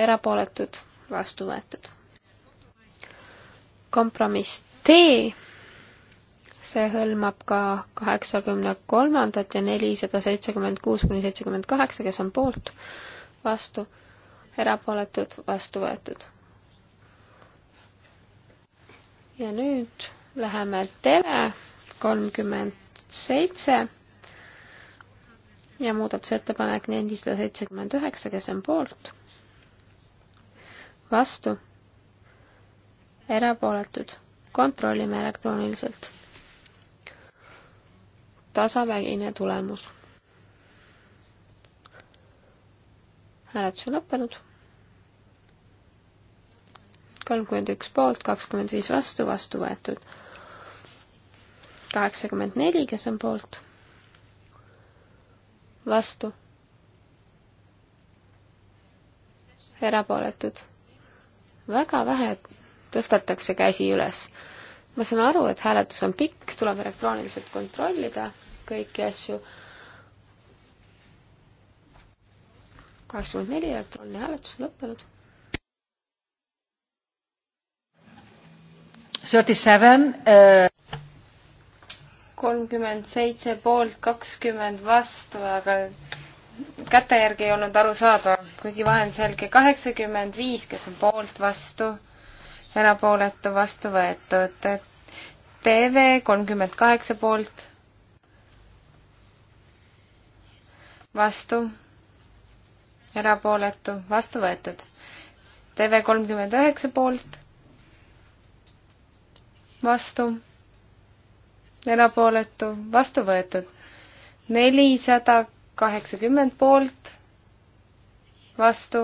erapooletud vastu võetud. kompromiss D, see hõlmab ka kaheksakümne kolmandat ja nelisada seitsekümmend kuus kuni seitsekümmend kaheksa, kes on poolt, vastu, erapooletud, vastu võetud. ja nüüd läheme tele kolmkümmend seitse ja muudatusettepanek nelisada seitsekümmend üheksa, kes on poolt vastu, erapooletud, kontrollime elektrooniliselt. tasavägine tulemus. hääletus on lõppenud. kolmkümmend üks poolt, kakskümmend viis vastu, vastu võetud. kaheksakümmend neli, kes on poolt vastu. erapooletud väga vähe tõstetakse käsi üles. ma saan aru, et hääletus on pikk, tuleb elektrooniliselt kontrollida kõiki asju. kakskümmend neli elektrooniline hääletus lõppenud. Thirty seven äh, kolmkümmend seitse poolt, kakskümmend vastu, aga kättejärgi ei olnud aru saada, kuigi vahe on selge. kaheksakümmend viis, kes on poolt, vastu, erapooletu, vastu võetud. TV kolmkümmend kaheksa poolt, vastu, erapooletu, vastu võetud. TV kolmkümmend üheksa poolt, vastu, erapooletu, vastu võetud. nelisada kaheksakümmend poolt, vastu,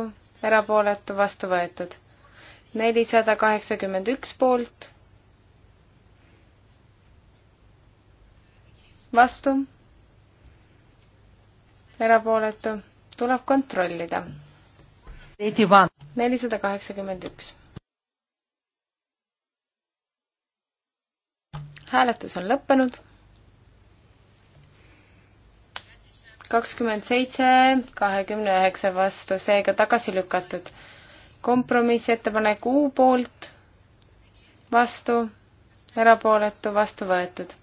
erapooletu, vastu võetud. nelisada kaheksakümmend üks poolt, vastu, erapooletu, tuleb kontrollida. nelisada kaheksakümmend üks. hääletus on lõppenud kakskümmend seitse, kahekümne üheksa vastu, seega tagasi lükatud. kompromissettepanek U poolt, vastu, erapooletu, vastu võetud.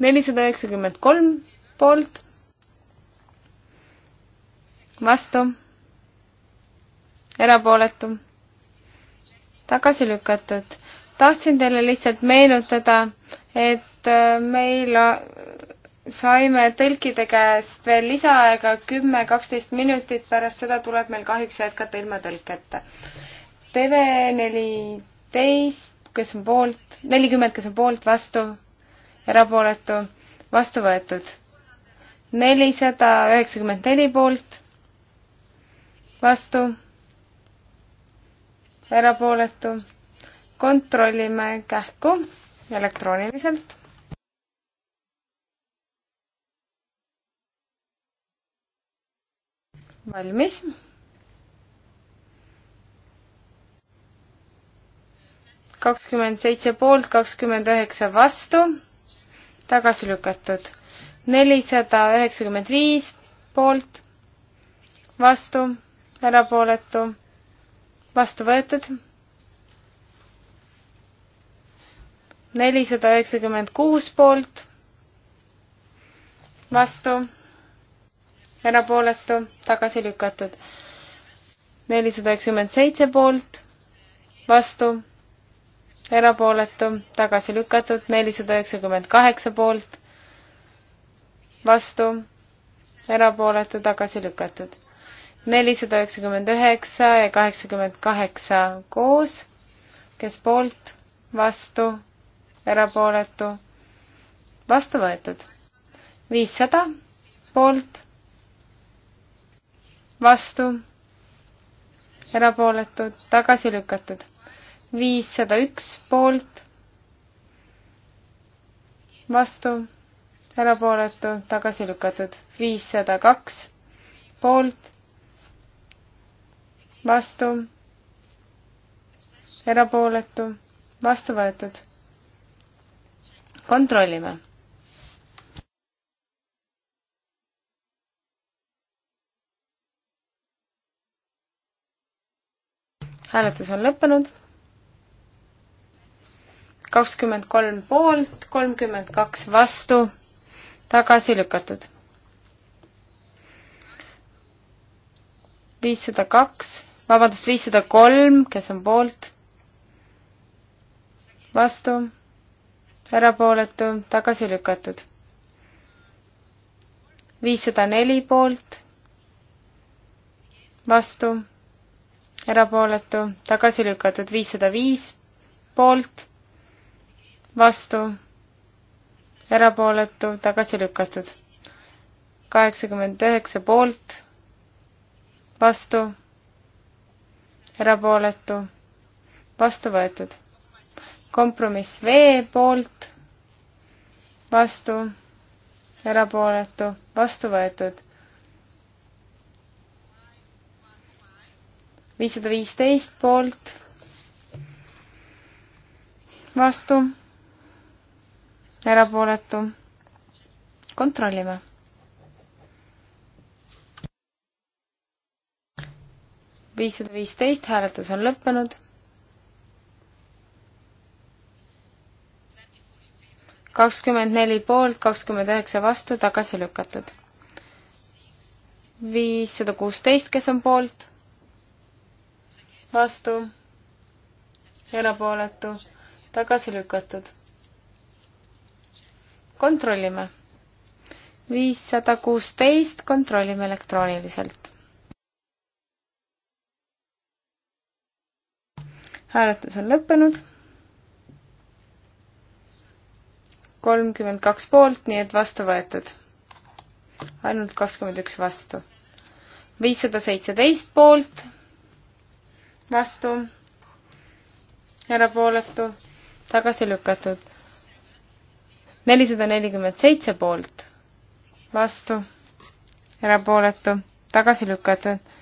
nelisada üheksakümmend kolm poolt vastu, erapooletu, tagasi lükatud. tahtsin teile lihtsalt meenutada, et äh, meil saime tõlkide käest veel lisaaega kümme, kaksteist minutit, pärast seda tuleb meil kahjuks jätkata ilma tõlketa. TV neliteist, kes on poolt, nelikümmend, kes on poolt, vastu, erapooletu, vastu võetud. nelisada üheksakümmend neli poolt, vastu, erapooletu. kontrollime kähku elektrooniliselt. valmis. kakskümmend seitse poolt, kakskümmend üheksa vastu, tagasi lükatud. nelisada üheksakümmend viis poolt, vastu erapooletu, vastu võetud. nelisada üheksakümmend kuus poolt, vastu, erapooletu, tagasi lükatud. nelisada üheksakümmend seitse poolt, vastu, erapooletu, tagasi lükatud, nelisada üheksakümmend kaheksa poolt, vastu, erapooletu, tagasi lükatud nelisada üheksakümmend üheksa ja kaheksakümmend kaheksa koos, kes poolt, vastu, erapooletu, vastu võetud. viissada poolt, vastu, erapooletud, tagasi lükatud. viissada üks poolt, vastu, erapooletu, tagasi lükatud. viissada kaks poolt vastu, erapooletu, vastu võetud. kontrollime hääletus on lõppenud. kakskümmend kolm poolt, kolmkümmend kaks vastu, tagasi lükatud. viissada kaks vabandust, viissada kolm, kes on poolt? vastu, erapooletu, tagasi lükatud. viissada neli poolt, vastu, erapooletu, tagasi lükatud, viissada viis poolt, vastu, erapooletu, tagasi lükatud. kaheksakümmend üheksa poolt, vastu erapooletu, vastu võetud. kompromiss V poolt, vastu, erapooletu, vastu võetud. viissada viisteist poolt, vastu, erapooletu. kontrollime viissada viisteist hääletus on lõppenud. kakskümmend neli poolt, kakskümmend üheksa vastu, tagasi lükatud. viissada kuusteist, kes on poolt? vastu, erapooletu, tagasi lükatud. kontrollime. viissada kuusteist, kontrollime elektrooniliselt. hääletus on lõppenud. kolmkümmend kaks poolt, nii et vastu võetud. ainult kakskümmend üks vastu. viissada seitseteist poolt, vastu, erapooletu, tagasi lükatud. nelisada nelikümmend seitse poolt, vastu, erapooletu, tagasi lükatud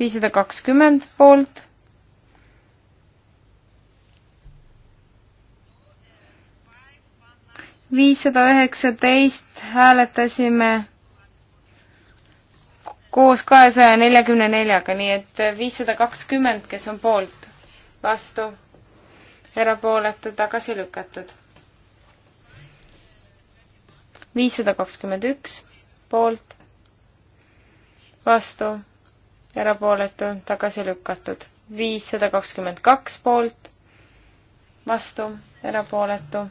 viissada kakskümmend poolt. viissada üheksateist hääletasime koos kahesaja neljakümne neljaga, nii et viissada kakskümmend, kes on poolt, vastu, erapooletu, tagasi lükatud. viissada kakskümmend üks poolt, vastu erapooletu, tagasi lükatud. viissada kakskümmend kaks poolt, vastu, erapooletu,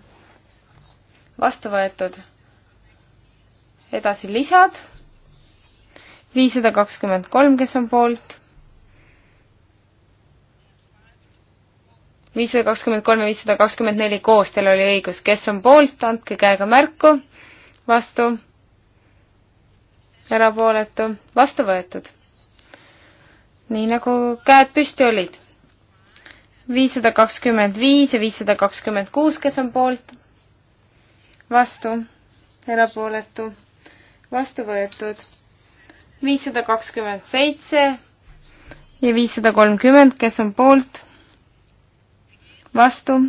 vastu võetud. edasi lisad, viissada kakskümmend kolm, kes on poolt, viissada kakskümmend kolm ja viissada kakskümmend neli koos, teil oli õigus, kes on poolt, andke käega märku, vastu, erapooletu, vastu võetud nii nagu käed püsti olid. viissada kakskümmend viis ja viissada kakskümmend kuus, kes on poolt, vastu, erapooletu, vastu võetud. viissada kakskümmend seitse ja viissada kolmkümmend, kes on poolt, vastu,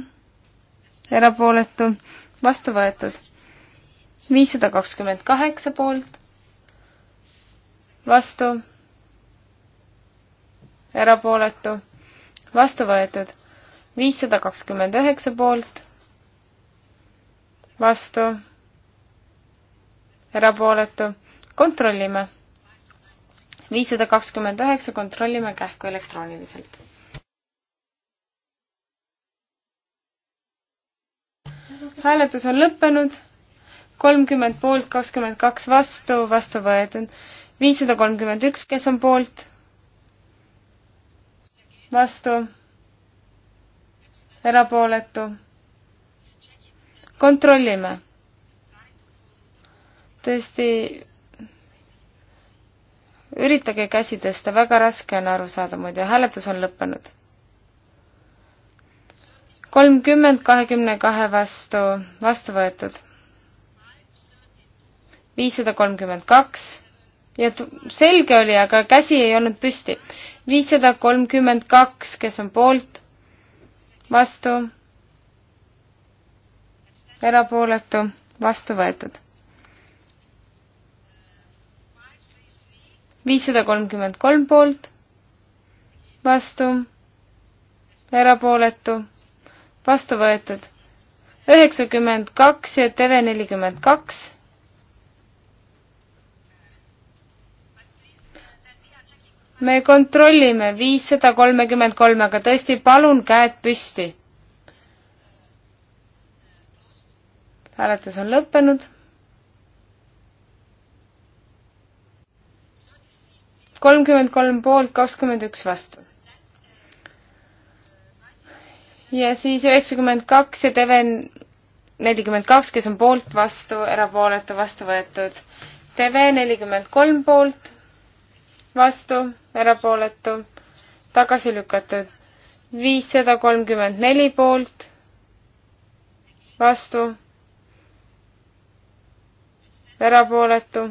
erapooletu, vastu võetud. viissada kakskümmend kaheksa poolt, vastu erapooletu, vastu võetud. viissada kakskümmend üheksa poolt, vastu, erapooletu, kontrollime. viissada kakskümmend üheksa, kontrollime kähku elektrooniliselt. hääletus on lõppenud, kolmkümmend poolt, kakskümmend kaks vastu, vastu võetud viissada kolmkümmend üks, kes on poolt vastu, erapooletu. kontrollime. tõesti, üritage käsi tõsta, väga raske on aru saada muidu, hääletus on lõppenud. kolmkümmend kahekümne kahe vastu, vastu võetud. viissada kolmkümmend kaks ja selge oli, aga käsi ei olnud püsti. viissada kolmkümmend kaks, kes on poolt, vastu, erapooletu, vastu võetud. viissada kolmkümmend kolm poolt, vastu, erapooletu, vastu võetud. üheksakümmend kaks ja TV nelikümmend kaks me kontrollime viissada kolmekümmend kolm, aga tõesti, palun käed püsti. hääletus on lõppenud. kolmkümmend kolm poolt, kakskümmend üks vastu. ja siis üheksakümmend kaks ja Deven nelikümmend kaks, kes on poolt, vastu, erapooletu, vastu võetud. TV nelikümmend kolm poolt vastu, erapooletu, tagasi lükatud. viissada kolmkümmend neli poolt, vastu, erapooletu.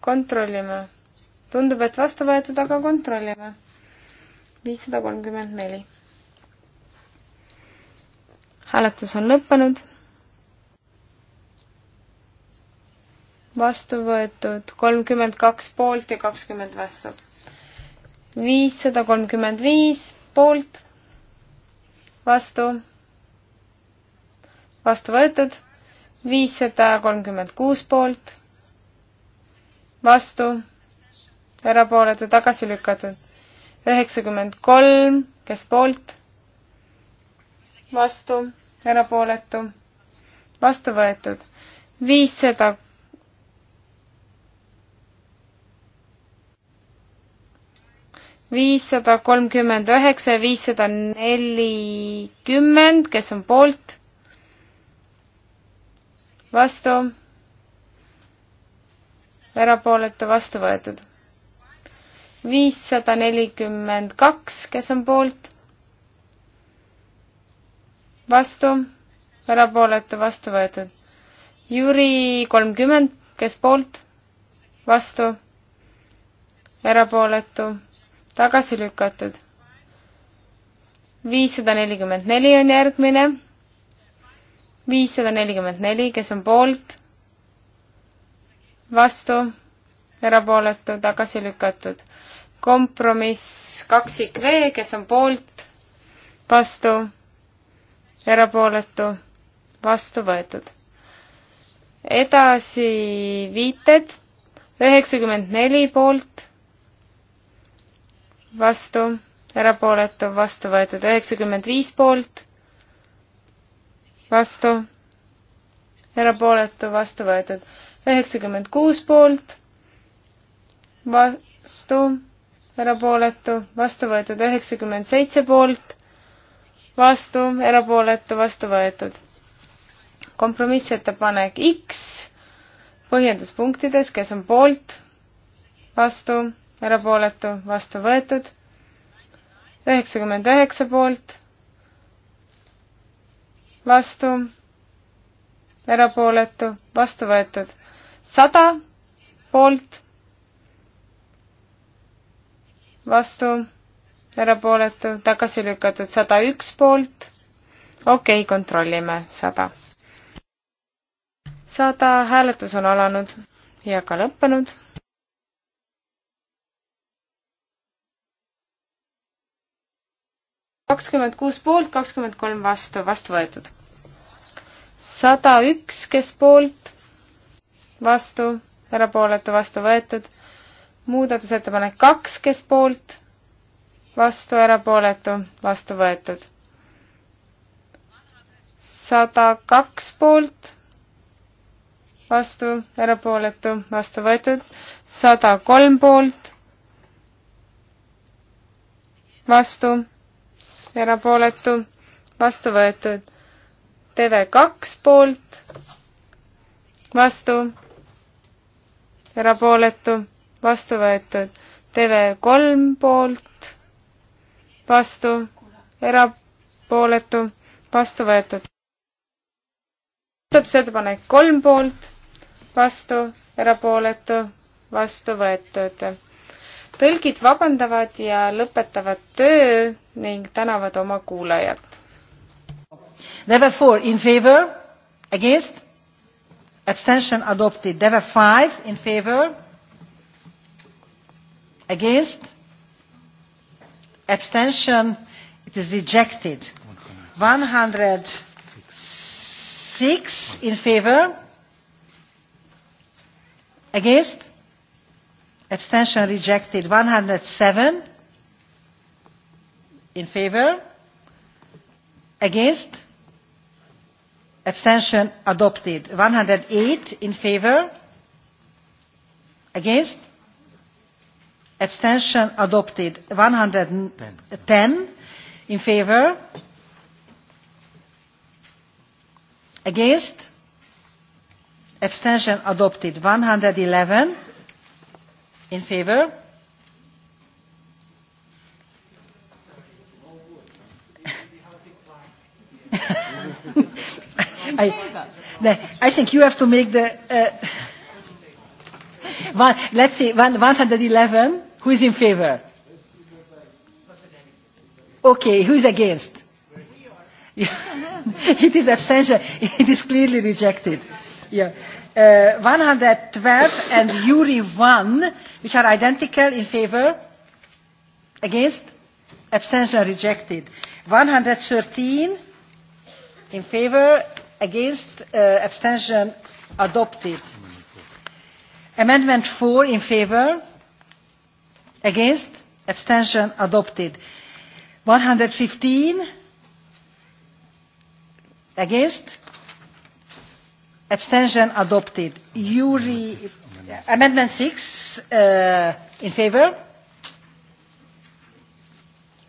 kontrollime. tundub, et vastu võetud, aga kontrollime. viissada kolmkümmend neli. hääletus on lõppenud vastu võetud, kolmkümmend kaks poolt ja kakskümmend vastu. viissada kolmkümmend viis poolt, vastu, vastu võetud, viissada kolmkümmend kuus poolt, vastu, erapooletu tagasi lükatud, üheksakümmend kolm, kes poolt, vastu, erapooletu, vastu võetud, viissada viissada kolmkümmend üheksa ja viissada nelikümmend, kes on poolt? vastu? erapooletu vastu võetud. viissada nelikümmend kaks, kes on poolt? vastu? erapooletu vastu võetud. Jüri kolmkümmend, kes poolt? vastu? erapooletu tagasi lükatud. viissada nelikümmend neli on järgmine. viissada nelikümmend neli, kes on poolt, vastu, erapooletu, tagasi lükatud. kompromiss kaksik V, kes on poolt, vastu, erapooletu, vastu võetud. edasi viited, üheksakümmend neli poolt vastu, erapooletu, vastu võetud üheksakümmend viis poolt, vastu, erapooletu, vastu võetud üheksakümmend kuus poolt, vastu, erapooletu, vastu võetud üheksakümmend seitse poolt, vastu, erapooletu, vastu võetud. kompromissettepanek X põhjenduspunktides, kes on poolt, vastu, erapooletu, vastu võetud, üheksakümmend üheksa poolt, vastu, erapooletu, vastu võetud, sada poolt, vastu, erapooletu, tagasi lükatud, sada üks poolt, okei okay,, kontrollime, sada. sada, hääletus on alanud ja ka lõppenud kakskümmend kuus poolt, kakskümmend kolm vastu, vastu võetud. sada üks, kes poolt, vastu, erapooletu, vastu võetud. muudatusettepanek kaks, kes poolt, vastu, erapooletu, vastu võetud. sada kaks poolt, vastu, erapooletu, vastu võetud. sada kolm poolt, vastu erapooletu, vastu võetud. TV2 poolt, vastu, erapooletu, vastu võetud. TV3 poolt, vastu, erapooletu, vastu võetud. muudatusettepanek kolm poolt, vastu, erapooletu, vastu võetud tõlgid vabandavad ja lõpetavad töö ning tänavad oma kuulajat. Deve four in favor, against, abstention adopted. Deve five in favor, against, abstention, it is rejected. 106 in favor, against, abstention rejected. 107 in favour against abstention adopted one hundred and eight in favour against abstention adopted one hundred and ten in favour against abstention adopted one hundred and eleven in favour I, I think you have to make the uh, one, let's see one, 111 who is in favor okay who is against it is abstention it is clearly rejected yeah uh, 112 and Yuri 1 which are identical in favor against abstention rejected 113 in favor against uh, abstention adopted amendment 4 in favor against abstention adopted 115 against abstention adopted Yuri, amendment 6 uh, in favor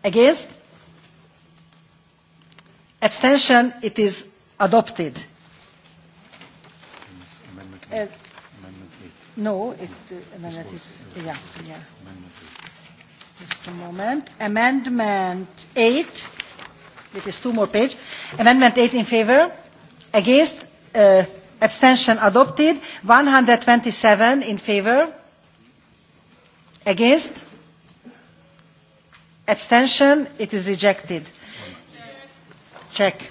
against abstention it is adopted. Amendment uh, amendment no, it, uh, amendment is, uh, yeah, yeah. Amendment Just a moment. Amendment 8, it is two more page. Amendment 8 in favor, against, uh, abstention adopted, 127 in favor, against, abstention, it is rejected. Check. Check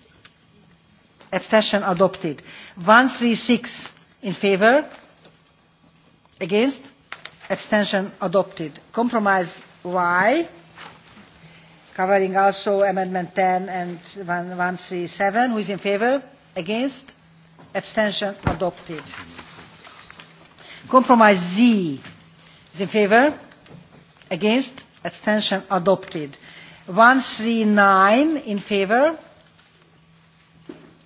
abstention adopted. 136 in favour against abstention adopted. compromise y covering also amendment 10 and 137 who is in favour against abstention adopted. compromise z is in favour against abstention adopted. 139 in favour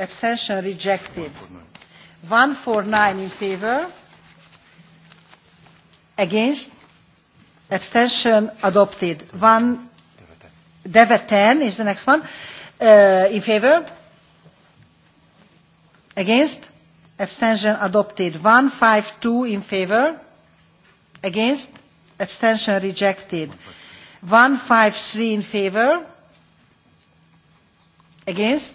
abstention rejected 149 in favor against abstention adopted 1 Deva 10 is the next one uh, in favor against abstention adopted 152 in favor against abstention rejected 153 in favor against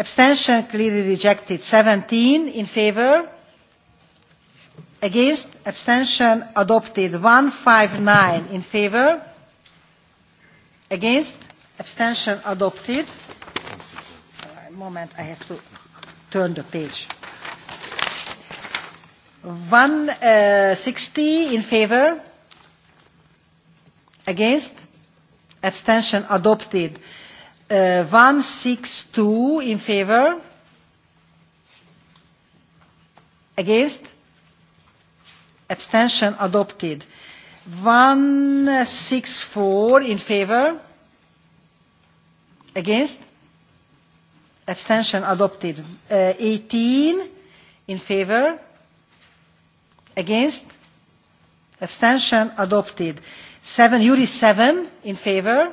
abstention clearly rejected seventeen in favour against abstention adopted one five nine in favour against abstention adopted a moment i have to turn the page one uh, sixty in favour against abstention adopted Uh, 162 in favor. Against? Abstention adopted. 164 in favor. Against? Abstention adopted. Uh, 18 in favor. Against? Abstention adopted. 7, URI 7 in favor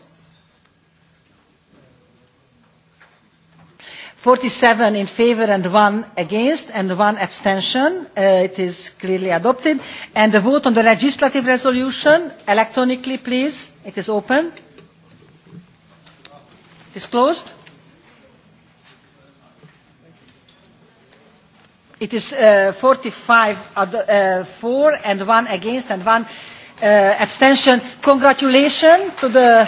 forty seven in favour and one against and one abstention uh, it is clearly adopted and the vote on the legislative resolution electronically please it is open it is closed it is forty uh, five uh, for and one against and one uh, abstention congratulations to the